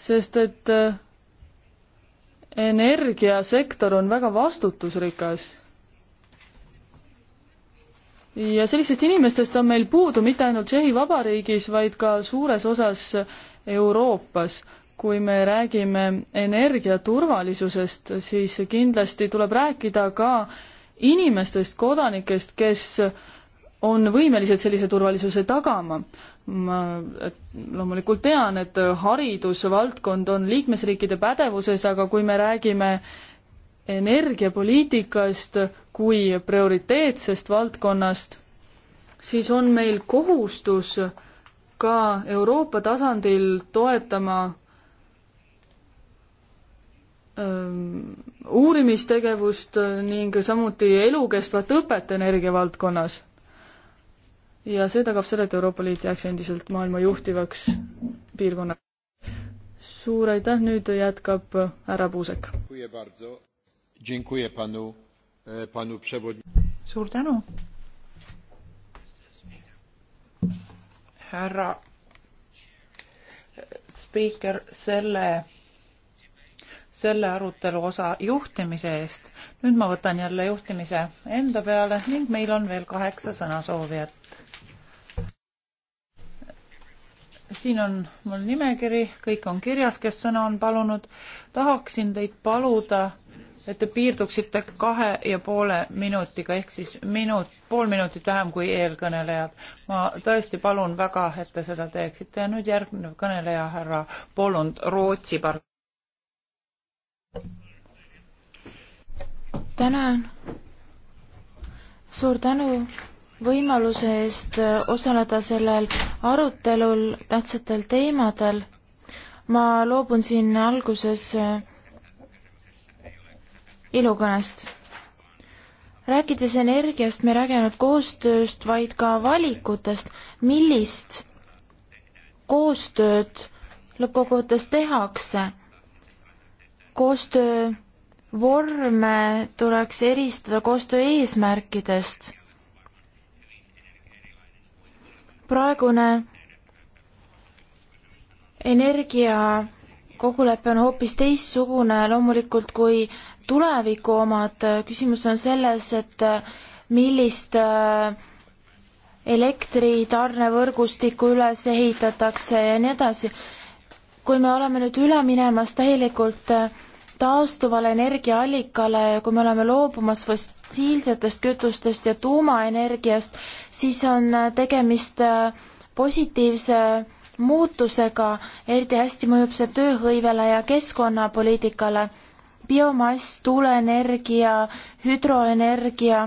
sest et äh, energiasektor on väga vastutusrikas. ja sellistest inimestest on meil puudu mitte ainult Tšehhi Vabariigis, vaid ka suures osas Euroopas kui me räägime energiaturvalisusest, siis kindlasti tuleb rääkida ka inimestest, kodanikest, kes on võimelised sellise turvalisuse tagama. ma loomulikult tean, et haridusvaldkond on liikmesriikide pädevuses, aga kui me räägime energiapoliitikast kui prioriteetsest valdkonnast, siis on meil kohustus ka Euroopa tasandil toetama Ähm, uurimistegevust äh, ning samuti elukestvat õpet energiavaldkonnas. ja see tagab selle, et Euroopa Liit jääks endiselt maailma juhtivaks piirkonnaks. suur aitäh, nüüd jätkab härra Puusek. E, suur tänu. härra spiiker, selle selle arutelu osa juhtimise eest. nüüd ma võtan jälle juhtimise enda peale ning meil on veel kaheksa sõnasoovijat. siin on mul nimekiri, kõik on kirjas, kes sõna on palunud. tahaksin teid paluda, et te piirduksite kahe ja poole minutiga ehk siis minut, pool minutit vähem kui eelkõnelejad. ma tõesti palun väga, et te seda teeksite ja nüüd järgnev kõneleja, härra Polund Rootsi park tänan. suur tänu võimaluse eest osaleda sellel arutelul tähtsatel teemadel. ma loobun siin alguses ilukõnest. rääkides energiast, me ei rääkinud koostööst, vaid ka valikutest, millist koostööd lõppkokkuvõttes tehakse koostöö vorme tuleks eristada koostöö eesmärkidest. praegune energiakokkulepe on hoopis teistsugune loomulikult kui tuleviku omad, küsimus on selles, et millist äh, elektritarnevõrgustikku üles ehitatakse ja nii edasi kui me oleme nüüd üle minemas täielikult äh, taastuvale energiaallikale ja kui me oleme loobumas fossiilsetest kütustest ja tuumaenergiast, siis on äh, tegemist äh, positiivse muutusega, eriti hästi mõjub see tööhõivele ja keskkonnapoliitikale. biomass, tuuleenergia, hüdroenergia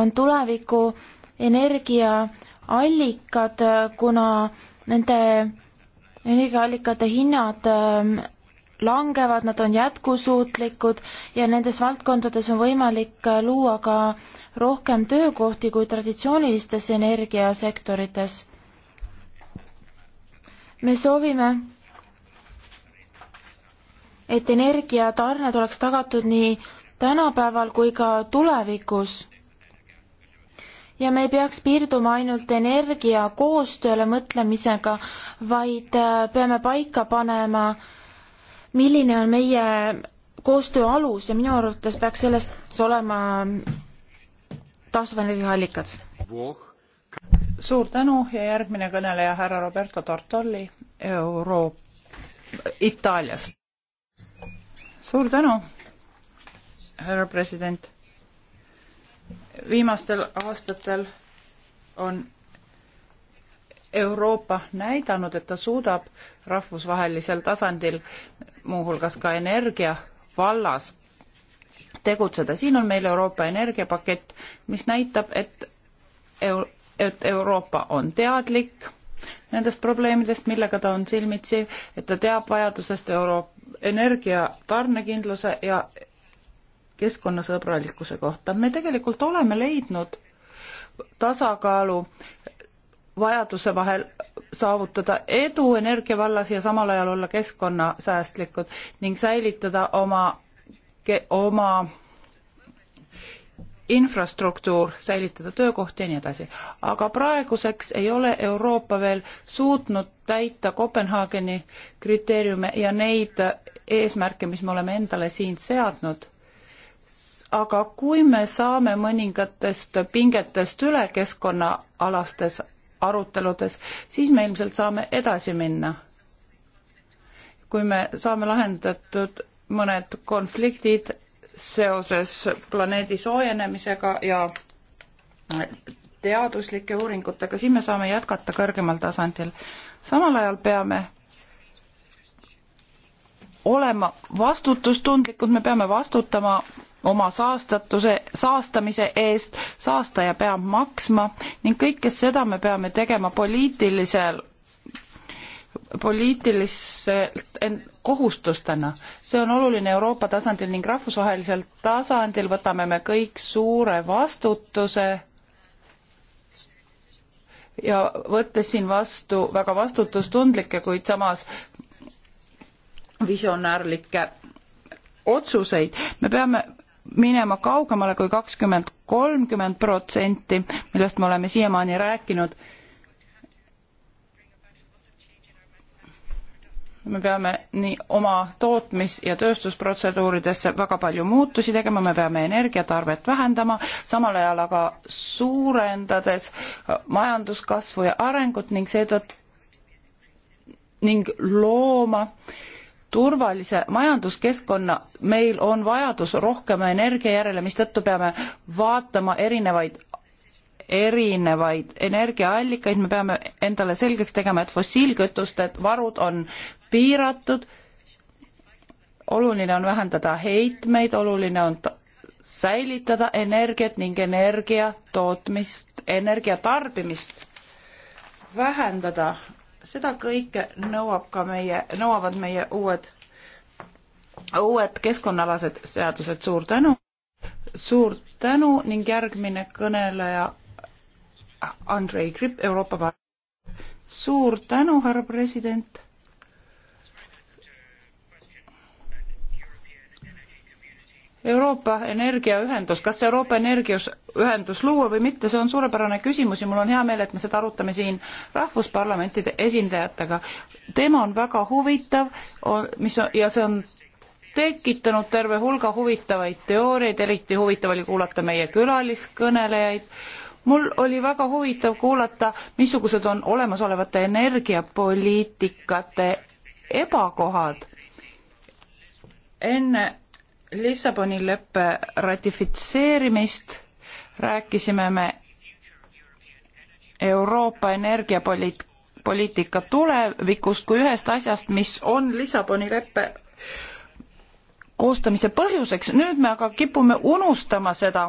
on tuleviku energiaallikad, kuna nende energiaallikate hinnad ähm, langevad, nad on jätkusuutlikud ja nendes valdkondades on võimalik äh, luua ka rohkem töökohti kui traditsioonilistes energiasektorites. me soovime, et energiatarned oleks tagatud nii tänapäeval kui ka tulevikus ja me ei peaks piirduma ainult energia koostööle mõtlemisega, vaid äh, peame paika panema, milline on meie koostöö alus ja minu arvates peaks sellest olema taastuvenergiaallikad. suur tänu ja järgmine kõneleja härra Roberto Tortolli Euro-, Itaaliast. suur tänu, härra president viimastel aastatel on Euroopa näidanud, et ta suudab rahvusvahelisel tasandil muuhulgas ka energia vallas tegutseda. siin on meil Euroopa energiapakett, mis näitab, et Euro et Euroopa on teadlik nendest probleemidest, millega ta on silmitsi, et ta teab vajadusest Euro-, energia tarnekindluse ja keskkonnasõbralikkuse kohta. me tegelikult oleme leidnud tasakaalu vajaduse vahel saavutada edu energia vallas ja samal ajal olla keskkonnasäästlikud ning säilitada oma, oma infrastruktuur, säilitada töökohti ja nii edasi. aga praeguseks ei ole Euroopa veel suutnud täita Kopenhaageni kriteeriume ja neid eesmärke, mis me oleme endale siin seadnud aga kui me saame mõningatest pingetest üle keskkonnaalastes aruteludes, siis me ilmselt saame edasi minna. kui me saame lahendatud mõned konfliktid seoses planeedi soojenemisega ja teaduslike uuringutega, siis me saame jätkata kõrgemal tasandil. samal ajal peame olema vastutustundlikud, me peame vastutama oma saastatuse, saastamise eest, saastaja peab maksma ning kõike seda me peame tegema poliitilisel, poliitiliselt kohustustena. see on oluline Euroopa tasandil ning rahvusvahelisel tasandil võtame me kõik suure vastutuse ja võttes siin vastu väga vastutustundlikke, kuid samas visionäärlikke otsuseid, me peame minema kaugemale kui kakskümmend, kolmkümmend protsenti, millest me oleme siiamaani rääkinud. me peame nii oma tootmis- ja tööstusprotseduuridesse väga palju muutusi tegema, me peame energiatarvet vähendama, samal ajal aga suurendades majanduskasvu ja arengut ning seetõttu ning looma äh, turvalise majanduskeskkonna, meil on vajadus rohkem energia järele, mistõttu peame vaatama erinevaid erinevaid energiaallikaid, me peame endale selgeks tegema, et fossiilkütuste varud on piiratud, oluline on vähendada heitmeid, oluline on säilitada energiat ning energia tootmist, energia tarbimist vähendada seda kõike nõuab ka meie, nõuavad meie uued, uued keskkonnaalased seadused, suur tänu. suur tänu ning järgmine kõneleja Andrei Gripp Euroopa Parlamendist. suur tänu, härra president Euroopa energiaühendus, kas Euroopa energiaühendus luua või mitte, see on suurepärane küsimus ja mul on hea meel, et me seda arutame siin rahvusparlamentide esindajatega. teema on väga huvitav, mis on, ja see on tekitanud terve hulga huvitavaid teooriaid, eriti huvitav oli kuulata meie külaliskõnelejaid. mul oli väga huvitav kuulata, missugused on olemasolevate energiapoliitikate ebakohad. enne Lissaboni leppe ratifitseerimist rääkisime me Euroopa energiapoliitika tulevikust kui ühest asjast, mis on Lissaboni leppe koostamise põhjuseks, nüüd me aga kipume unustama seda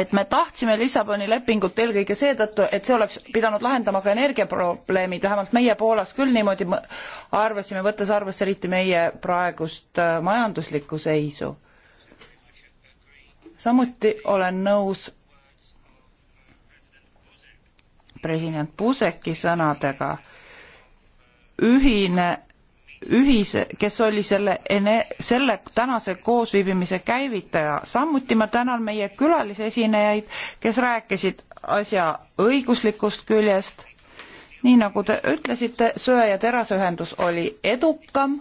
et me tahtsime Lissaboni lepingut eelkõige seetõttu, et see oleks pidanud lahendama ka energiaprobleemid, vähemalt meie Poolas küll niimoodi arvasime, võttes arvesse eriti meie praegust äh, majanduslikku seisu. samuti olen nõus president Buzeki sõnadega ühine ühise, kes oli selle, selle tänase koosviibimise käivitaja. samuti ma tänan meie külalisesinejaid, kes rääkisid asja õiguslikust küljest. nii nagu te ütlesite, söe- ja teraseühendus oli edukam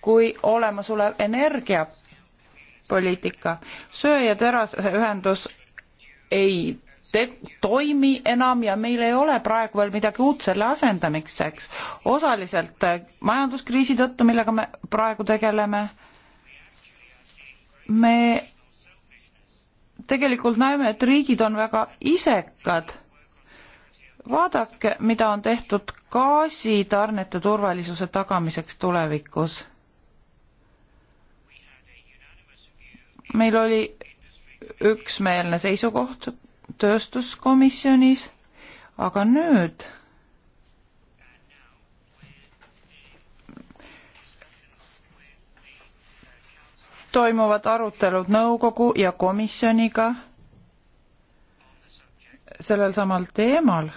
kui olemasolev energiapoliitika. söe- ja teraseühendus ei toimi enam ja meil ei ole praegu veel midagi uut selle asendamiseks. osaliselt äh, majanduskriisi tõttu, millega me praegu tegeleme, me tegelikult näeme, et riigid on väga isekad. vaadake, mida on tehtud gaasitarnete turvalisuse tagamiseks tulevikus. meil oli üksmeelne seisukoht tööstuskomisjonis, aga nüüd toimuvad arutelud nõukogu ja komisjoniga sellel samal teemal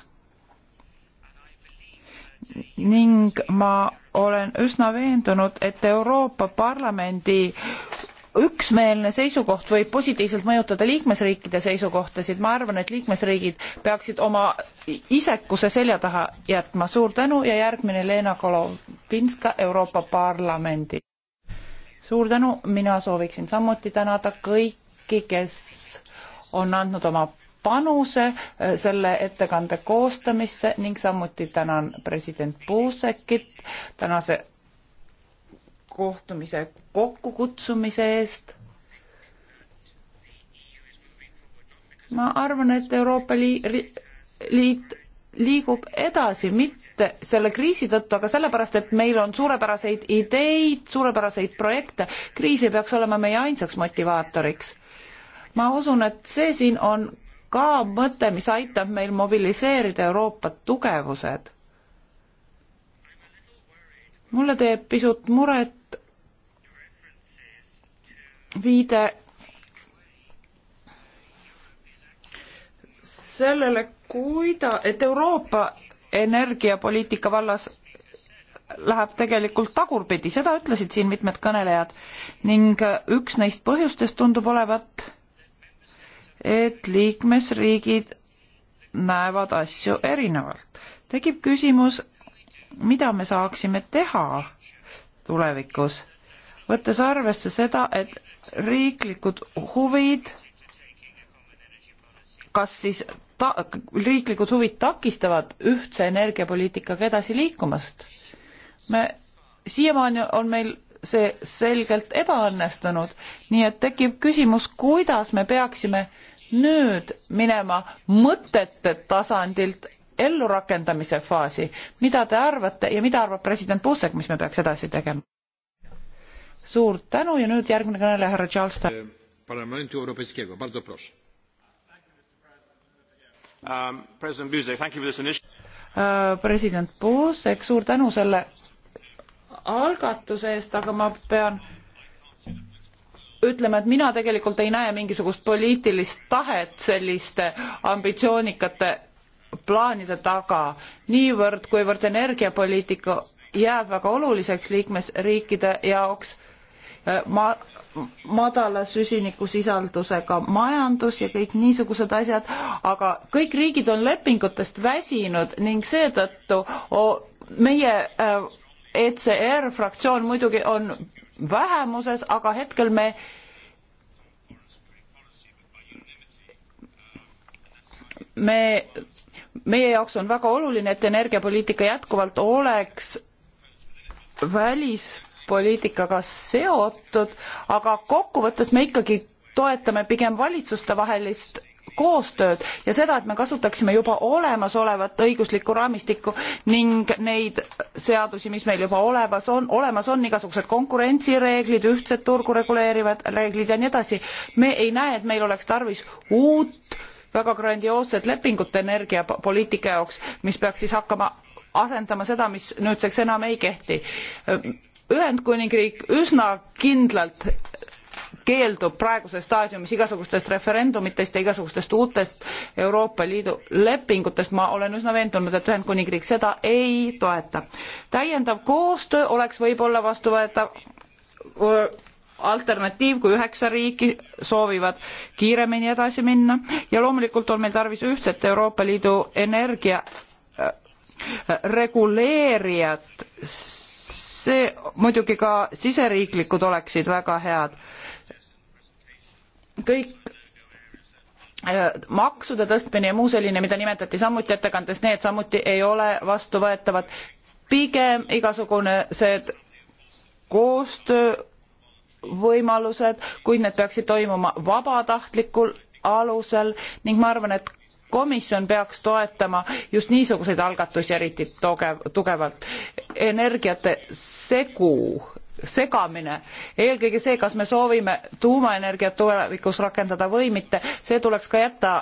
ning ma olen üsna veendunud, et Euroopa Parlamendi üksmeelne seisukoht võib positiivselt mõjutada liikmesriikide seisukohtasid ma arvan et liikmesriigid peaksid oma isekuse selja taha jätma suur tänu ja järgmine Lena Kolopinska Euroopa Parlamendi suur tänu mina sooviksin samuti tänada kõiki kes on andnud oma panuse äh, selle ettekande koostamisse ning samuti tänan president Puusekit tänase kohtumise kokkukutsumise eest. ma arvan, et Euroopa Liit liigub edasi, mitte selle kriisi tõttu, aga sellepärast, et meil on suurepäraseid ideid, suurepäraseid projekte. kriis ei peaks olema meie ainsaks motivaatoriks. ma usun, et see siin on ka mõte, mis aitab meil mobiliseerida Euroopa tugevused. mulle teeb pisut muret viide sellele, kuida-, et Euroopa energiapoliitika vallas läheb tegelikult tagurpidi, seda ütlesid siin mitmed kõnelejad ning üks neist põhjustest tundub olevat, et liikmesriigid näevad asju erinevalt. tekib küsimus, mida me saaksime teha tulevikus, võttes arvesse seda, et riiklikud huvid, kas siis ta, riiklikud huvid takistavad ühtse energiapoliitikaga edasi liikumast? me, siiamaani on meil see selgelt ebaõnnestunud, nii et tekib küsimus, kuidas me peaksime nüüd minema mõtete tasandilt ellurakendamise faasi, mida te arvate ja mida arvab president Buzek, mis me peaks edasi tegema? suur tänu ja nüüd järgmine kõneleja, härra Charles Ta-. Parlamenti Euroopaskiga, bardzo proš. Um, president Buzek, thank you for this initiative. Uh, president Buzek, suur tänu selle algatuse eest, aga ma pean ütleme, et mina tegelikult ei näe mingisugust poliitilist tahet selliste ambitsioonikate plaanide taga, niivõrd kuivõrd energiapoliitika jääb väga oluliseks liikmesriikide jaoks, Äh, ma-, madala süsinikusisaldusega majandus ja kõik niisugused asjad, aga kõik riigid on lepingutest väsinud ning seetõttu meie äh, ECR fraktsioon muidugi on vähemuses, aga hetkel me me, meie jaoks on väga oluline, et energiapoliitika jätkuvalt oleks välis poliitikaga seotud, aga kokkuvõttes me ikkagi toetame pigem valitsustevahelist koostööd ja seda, et me kasutaksime juba olemasolevat õiguslikku raamistikku ning neid seadusi, mis meil juba olemas on, olemas on igasugused konkurentsireeglid, ühtset turgu reguleerivad reeglid ja nii edasi. me ei näe, et meil oleks tarvis uut väga grandioosset lepingut energiapoliitika jaoks, mis peaks siis hakkama asendama seda, mis nüüdseks enam ei kehti. Ühendkuningriik üsna kindlalt keeldub praeguses staadiumis igasugustest referendumitest ja igasugustest uutest Euroopa Liidu lepingutest, ma olen üsna veendunud, et Ühendkuningriik seda ei toeta. täiendav koostöö oleks võib-olla vastuvõetav äh, alternatiiv, kui üheksa riiki soovivad kiiremini edasi minna ja loomulikult on meil tarvis ühtset Euroopa Liidu energia äh, äh, reguleerijat see muidugi ka siseriiklikud oleksid väga head. kõik äh, maksude tõstmine ja muu selline, mida nimetati samuti ettekandes, need samuti ei ole vastuvõetavad. pigem igasugune see koostöö võimalused, kuid need peaksid toimuma vabatahtlikul alusel ning ma arvan, et komisjon peaks toetama just niisuguseid algatusi eriti togev, tugevalt. energiate segu, segamine, eelkõige see, kas me soovime tuumaenergiat tulevikus rakendada või mitte, see tuleks ka jätta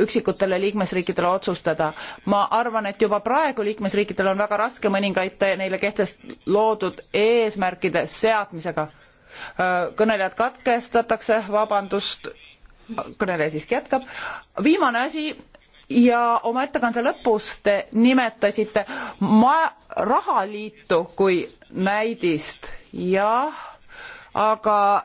üksikutele liikmesriikidele otsustada. ma arvan, et juba praegu liikmesriikidel on väga raske mõningaid neile kehtest loodud eesmärkide seadmisega. kõnelejad katkestatakse, vabandust kõneleja siiski jätkab. viimane asi ja oma ettekande lõpus te nimetasite ma-, rahaliitu kui näidist. jah, aga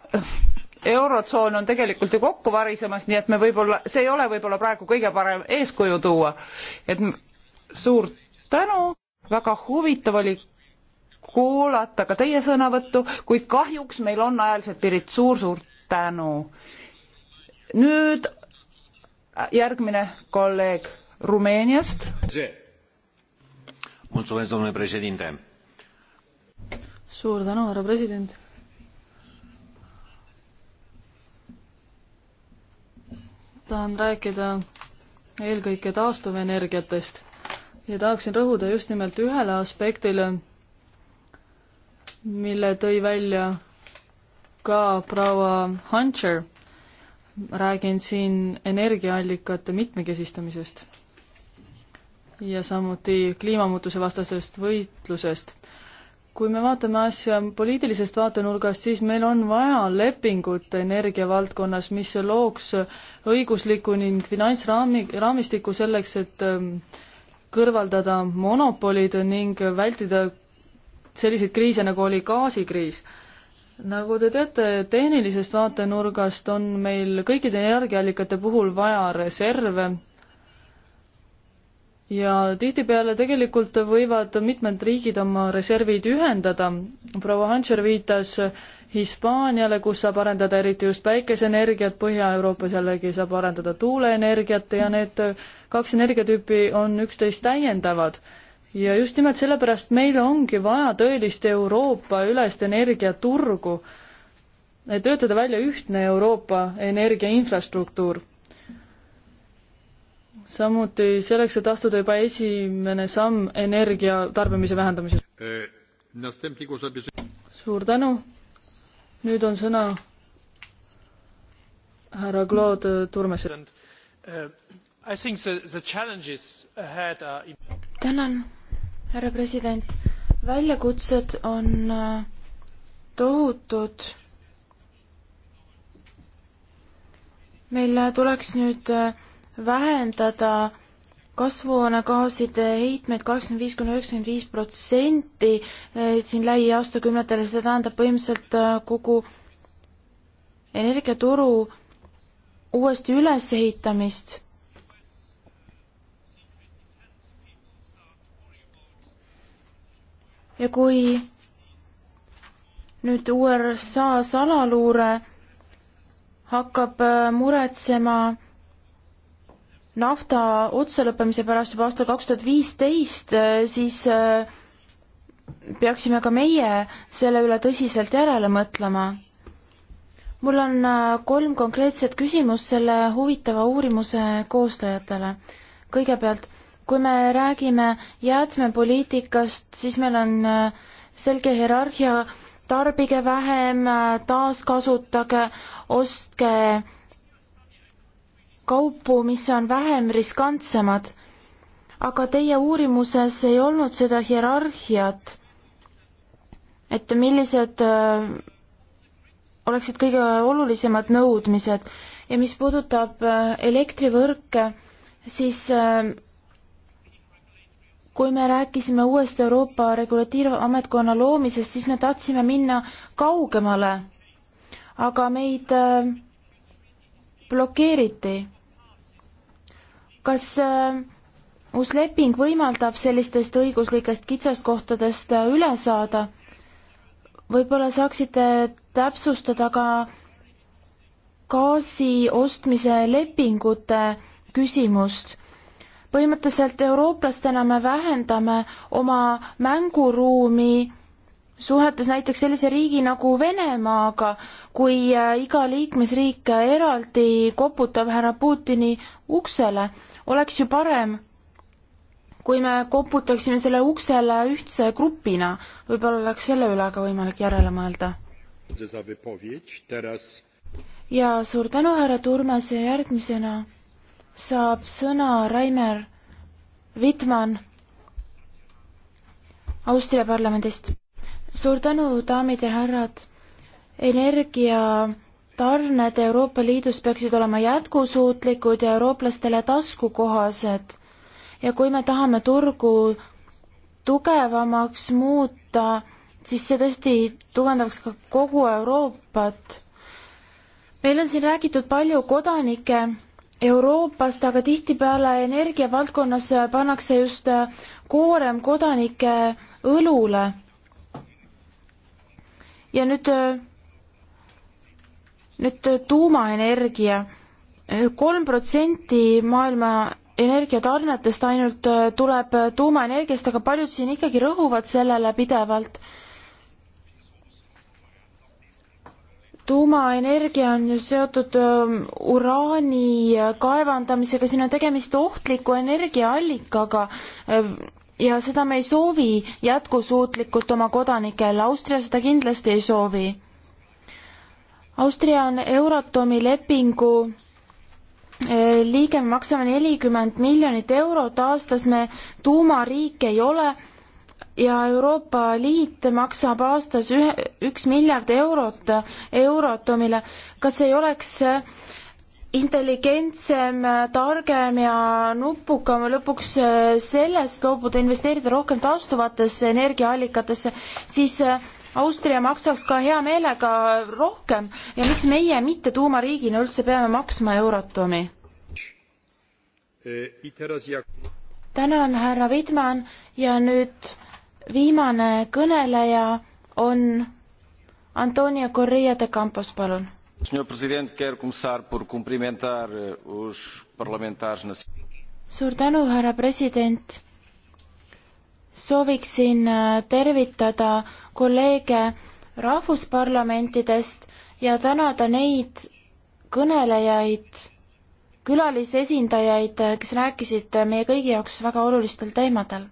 eurotsoon on tegelikult ju kokku varisemas, nii et me võib-olla, see ei ole võib-olla praegu kõige parem eeskuju tuua. et suur tänu, väga huvitav oli kuulata ka teie sõnavõttu, kuid kahjuks meil on ajaliselt piirid suur,, suur-suur tänu nüüd järgmine kolleeg Rumeeniast. suur tänu, härra president. tahan rääkida eelkõige taastuvenergiatest ja tahaksin rõhuda just nimelt ühele aspektile, mille tõi välja ka proua Hunter räägin siin energiaallikate mitmekesistamisest ja samuti kliimamuutuse vastasest võitlusest. kui me vaatame asja poliitilisest vaatenurgast, siis meil on vaja lepingut energiavaldkonnas, mis looks õigusliku ning finantsraami, raamistiku selleks, et ähm, kõrvaldada monopolid ning vältida selliseid kriise, nagu oli gaasikriis nagu te teate, tehnilisest vaatenurgast on meil kõikide energiaallikate puhul vaja reserve ja tihtipeale tegelikult võivad mitmed riigid oma reservid ühendada. proua Hanser viitas Hispaaniale, kus saab arendada eriti just päikeseenergiat, Põhja-Euroopas jällegi saab arendada tuuleenergiat ja need kaks energiatüüpi on üksteist täiendavad ja just nimelt sellepärast meil ongi vaja tõelist Euroopa ülest energiaturgu, et töötada välja ühtne Euroopa energiainfrastruktuur. samuti selleks, et astuda juba esimene samm energia tarbimise vähendamises. suur tänu. nüüd on sõna härra Claude Turmesele. Uh, tänan härra president, väljakutsed on äh, tohutud. meil äh, tuleks nüüd äh, vähendada kasvuhoonegaaside heitmeid kakskümmend viis kuni üheksakümmend viis protsenti siin lähiaastakümnetel, see tähendab põhimõtteliselt kogu energiaturu uuesti ülesehitamist ja kui nüüd USA salaluure hakkab äh, muretsema nafta otsalõppemise pärast juba aastal kaks tuhat viisteist, äh, siis äh, peaksime ka meie selle üle tõsiselt järele mõtlema. mul on kolm konkreetset küsimust selle huvitava uurimuse koostajatele. kõigepealt kui me räägime jäätmepoliitikast, siis meil on äh, selge hierarhia, tarbige vähem, äh, taaskasutage, ostke kaupu, mis on vähem riskantsemad. aga teie uurimuses ei olnud seda hierarhiat, et millised äh, oleksid kõige olulisemad nõudmised ja mis puudutab elektrivõrke, siis kui me rääkisime uuest Euroopa regulatiivametkonna loomisest, siis me tahtsime minna kaugemale, aga meid äh, blokeeriti. kas äh, uus leping võimaldab sellistest õiguslikest kitsaskohtadest äh, üle saada? võib-olla saaksite täpsustada ka gaasi ostmise lepingute küsimust põhimõtteliselt eurooplastena me vähendame oma mänguruumi suhetes näiteks sellise riigi nagu Venemaaga, kui äh, iga liikmesriik äh, eraldi koputab härra Putini uksele, oleks ju parem, kui me koputaksime selle uksele ühtse grupina. võib-olla oleks selle üle ka võimalik järele mõelda. ja suur tänu, härra Turmas ja järgmisena saab sõna Rainer Wittmann Austria parlamendist. suur tänu, daamid ja härrad. energia tarned Euroopa Liidus peaksid olema jätkusuutlikud ja eurooplastele taskukohased. ja kui me tahame turgu tugevamaks muuta, siis see tõesti tugevdaks ka kogu Euroopat. meil on siin räägitud palju kodanike Euroopast, aga tihtipeale energiavaldkonnas pannakse just koorem kodanike õlule. ja nüüd, nüüd tuumaenergia. kolm protsenti maailma energiatarnetest ainult tuleb tuumaenergiast, aga paljud siin ikkagi rõhuvad sellele pidevalt tuumaenergia on ju seotud ähm, uraani äh, kaevandamisega, siin on tegemist ohtliku energiaallikaga ähm, ja seda me ei soovi jätkusuutlikult oma kodanikele, Austria seda kindlasti ei soovi. Austria on Euratomi lepingu äh, liige, me maksame nelikümmend miljonit eurot aastas, me tuumariik ei ole ja Euroopa Liit maksab aastas ühe, üks miljard eurot Eurotomile. kas ei oleks intelligentsem, targem ja nupukam lõpuks sellest loobuda, investeerida rohkem taastuvatesse energiaallikatesse, siis Austria maksaks ka hea meelega rohkem ja miks meie mitte tuumariigina üldse peame maksma Euratomi? E, tänan, härra Vidman ja nüüd viimane kõneleja on Antonia Correa de Campos, palun. Eh, suur tänu, härra president. sooviksin eh, tervitada kolleege rahvusparlamentidest ja tänada neid kõnelejaid, külalisesindajaid, kes rääkisid eh, meie kõigi jaoks väga olulistel teemadel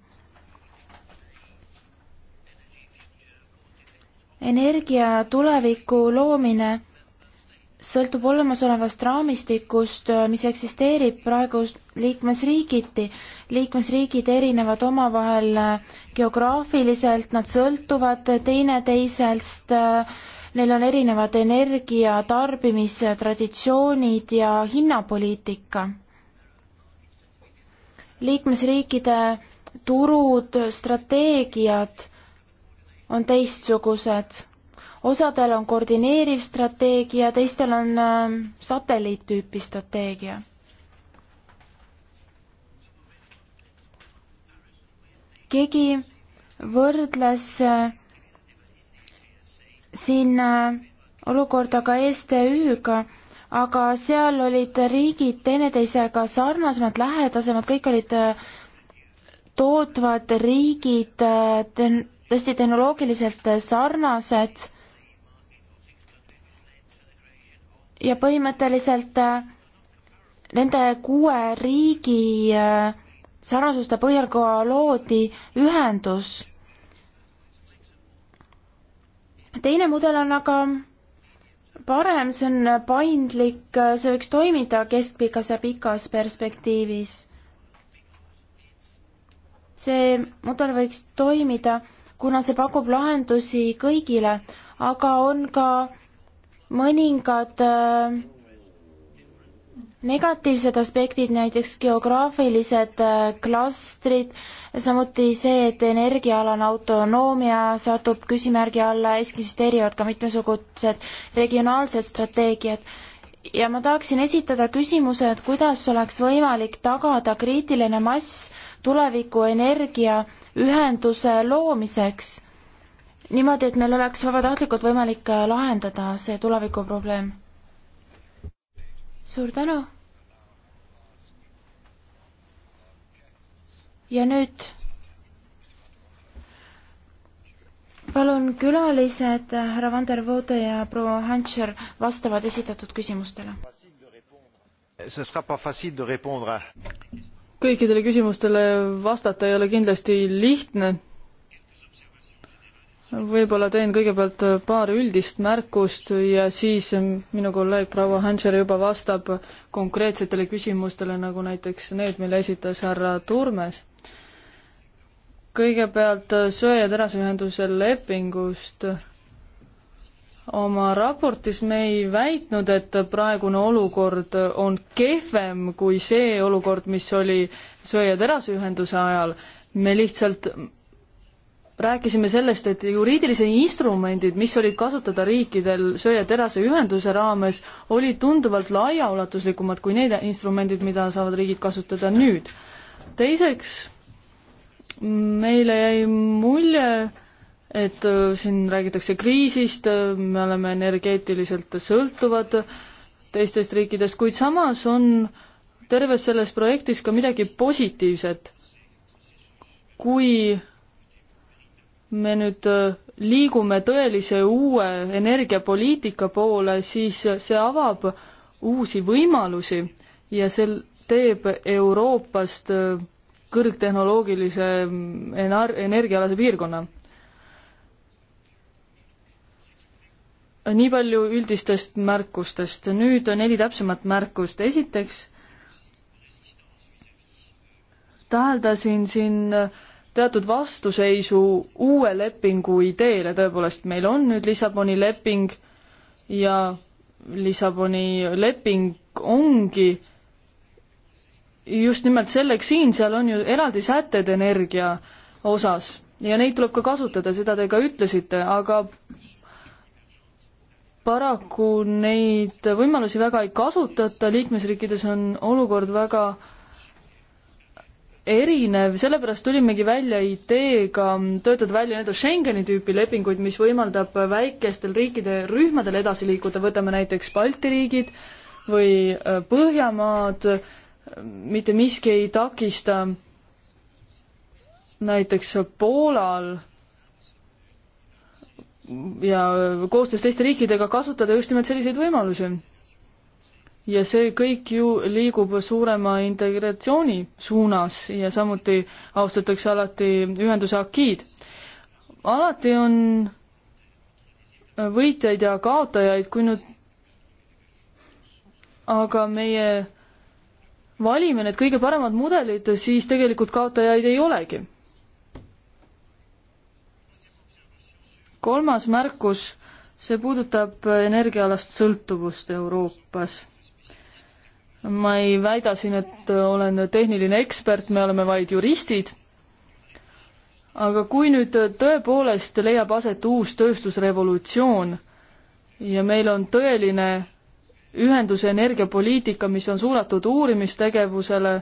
energia tuleviku loomine sõltub olemasolevast raamistikust, äh, mis eksisteerib praegu liikmesriigiti. liikmesriigid erinevad omavahel äh, geograafiliselt, nad sõltuvad äh, teineteisest, neil on erinevad energia tarbimistraditsioonid ja hinnapoliitika. liikmesriikide turud, strateegiad on teistsugused. osadel on koordineeriv strateegia, teistel on äh, satelliittüüpi strateegia. keegi võrdles äh, siin äh, olukorda ka STÜ-ga, aga seal olid riigid teineteisega sarnasemad, lähedasemad, kõik olid äh, tootvad riigid, äh, tõesti tehnoloogiliselt sarnased ja põhimõtteliselt äh, nende kuue riigi äh, sarnasuste põhjal ka loodi ühendus. teine mudel on aga parem, see on paindlik, äh, see võiks toimida keskpikas ja pikas perspektiivis. see mudel võiks toimida kuna see pakub lahendusi kõigile, aga on ka mõningad äh, negatiivsed aspektid, näiteks geograafilised äh, klastrid, samuti see, et energiaalane autonoomia satub küsimärgi alla, eksisteerivad ka mitmesugused regionaalsed strateegiad ja ma tahaksin esitada küsimuse, et kuidas oleks võimalik tagada kriitiline mass tuleviku energia ühenduse loomiseks, niimoodi, et meil oleks vabatahtlikult võimalik lahendada see tulevikuprobleem. suur tänu! ja nüüd palun külalised, härra Vandervoode ja proua Hantscher vastavad esitatud küsimustele kõikidele küsimustele vastata ei ole kindlasti lihtne. võib-olla teen kõigepealt paar üldist märkust ja siis minu kolleeg proua Hanscher juba vastab konkreetsetele küsimustele, nagu näiteks need, mille esitas härra Turmes. kõigepealt söe- ja teraseühenduse lepingust oma raportis me ei väitnud, et praegune olukord on kehvem kui see olukord, mis oli söe- ja teraseühenduse ajal. me lihtsalt rääkisime sellest, et juriidilised instrumendid, mis olid kasutada riikidel söe- ja teraseühenduse raames, olid tunduvalt laiaulatuslikumad kui need instrumendid, mida saavad riigid kasutada nüüd. teiseks, meile jäi mulje, et äh, siin räägitakse kriisist, äh, me oleme energeetiliselt sõltuvad teistest riikidest, kuid samas on terves selles projektis ka midagi positiivset. kui me nüüd äh, liigume tõelise uue energiapoliitika poole, siis see avab uusi võimalusi ja sel teeb Euroopast kõrgtehnoloogilise mm, enar-, energiaalase piirkonna nii palju üldistest märkustest, nüüd neli täpsemat märkust, esiteks täheldasin siin teatud vastuseisu uue lepingu ideele, tõepoolest meil on nüüd Lissaboni leping ja Lissaboni leping ongi just nimelt selleks siin, seal on ju eraldi sätted energia osas ja neid tuleb ka kasutada, seda te ka ütlesite, aga paraku neid võimalusi väga ei kasutata, liikmesriikides on olukord väga erinev, sellepärast tulimegi välja ideega töötada välja nii-öelda Schengeni tüüpi lepinguid, mis võimaldab väikestel riikide rühmadel edasi liikuda, võtame näiteks Balti riigid või äh, Põhjamaad, mitte miski ei takista näiteks Poolal ja koostöös teiste riikidega kasutada just nimelt selliseid võimalusi. ja see kõik ju liigub suurema integratsiooni suunas ja samuti austatakse alati ühenduse akiid. alati on võitjaid ja kaotajaid, kui nüüd aga meie valime need kõige paremad mudelid, siis tegelikult kaotajaid ei olegi kolmas märkus, see puudutab energiaalast sõltuvust Euroopas. ma ei väida siin, et olen tehniline ekspert, me oleme vaid juristid, aga kui nüüd tõepoolest leiab aset uus tööstusrevolutsioon ja meil on tõeline ühenduse energiapoliitika, mis on suunatud uurimistegevusele,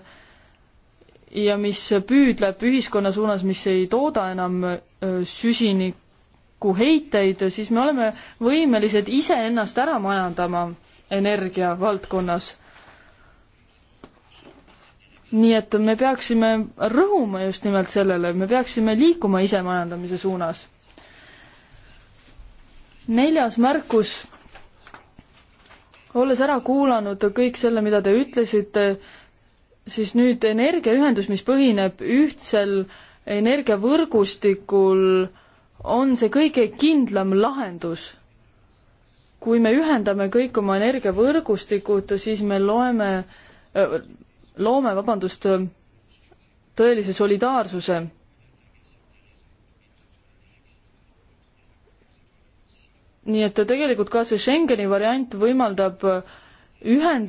ja mis püüdleb ühiskonna suunas, mis ei tooda enam äh, süsinik, kokkuheiteid, siis me oleme võimelised iseennast ära majandama energia valdkonnas nii et me peaksime rõhuma just nimelt sellele, me peaksime liikuma isemajandamise suunas. neljas märkus. olles ära kuulanud kõik selle, mida te ütlesite, siis nüüd energiaühendus, mis põhineb ühtsel energiavõrgustikul äh, on see kõige kindlam lahendus. kui me ühendame kõik oma energiavõrgustikud, siis me loeme, loome, vabandust, tõelise solidaarsuse nii et tegelikult ka see Schengeni variant võimaldab ühenda-,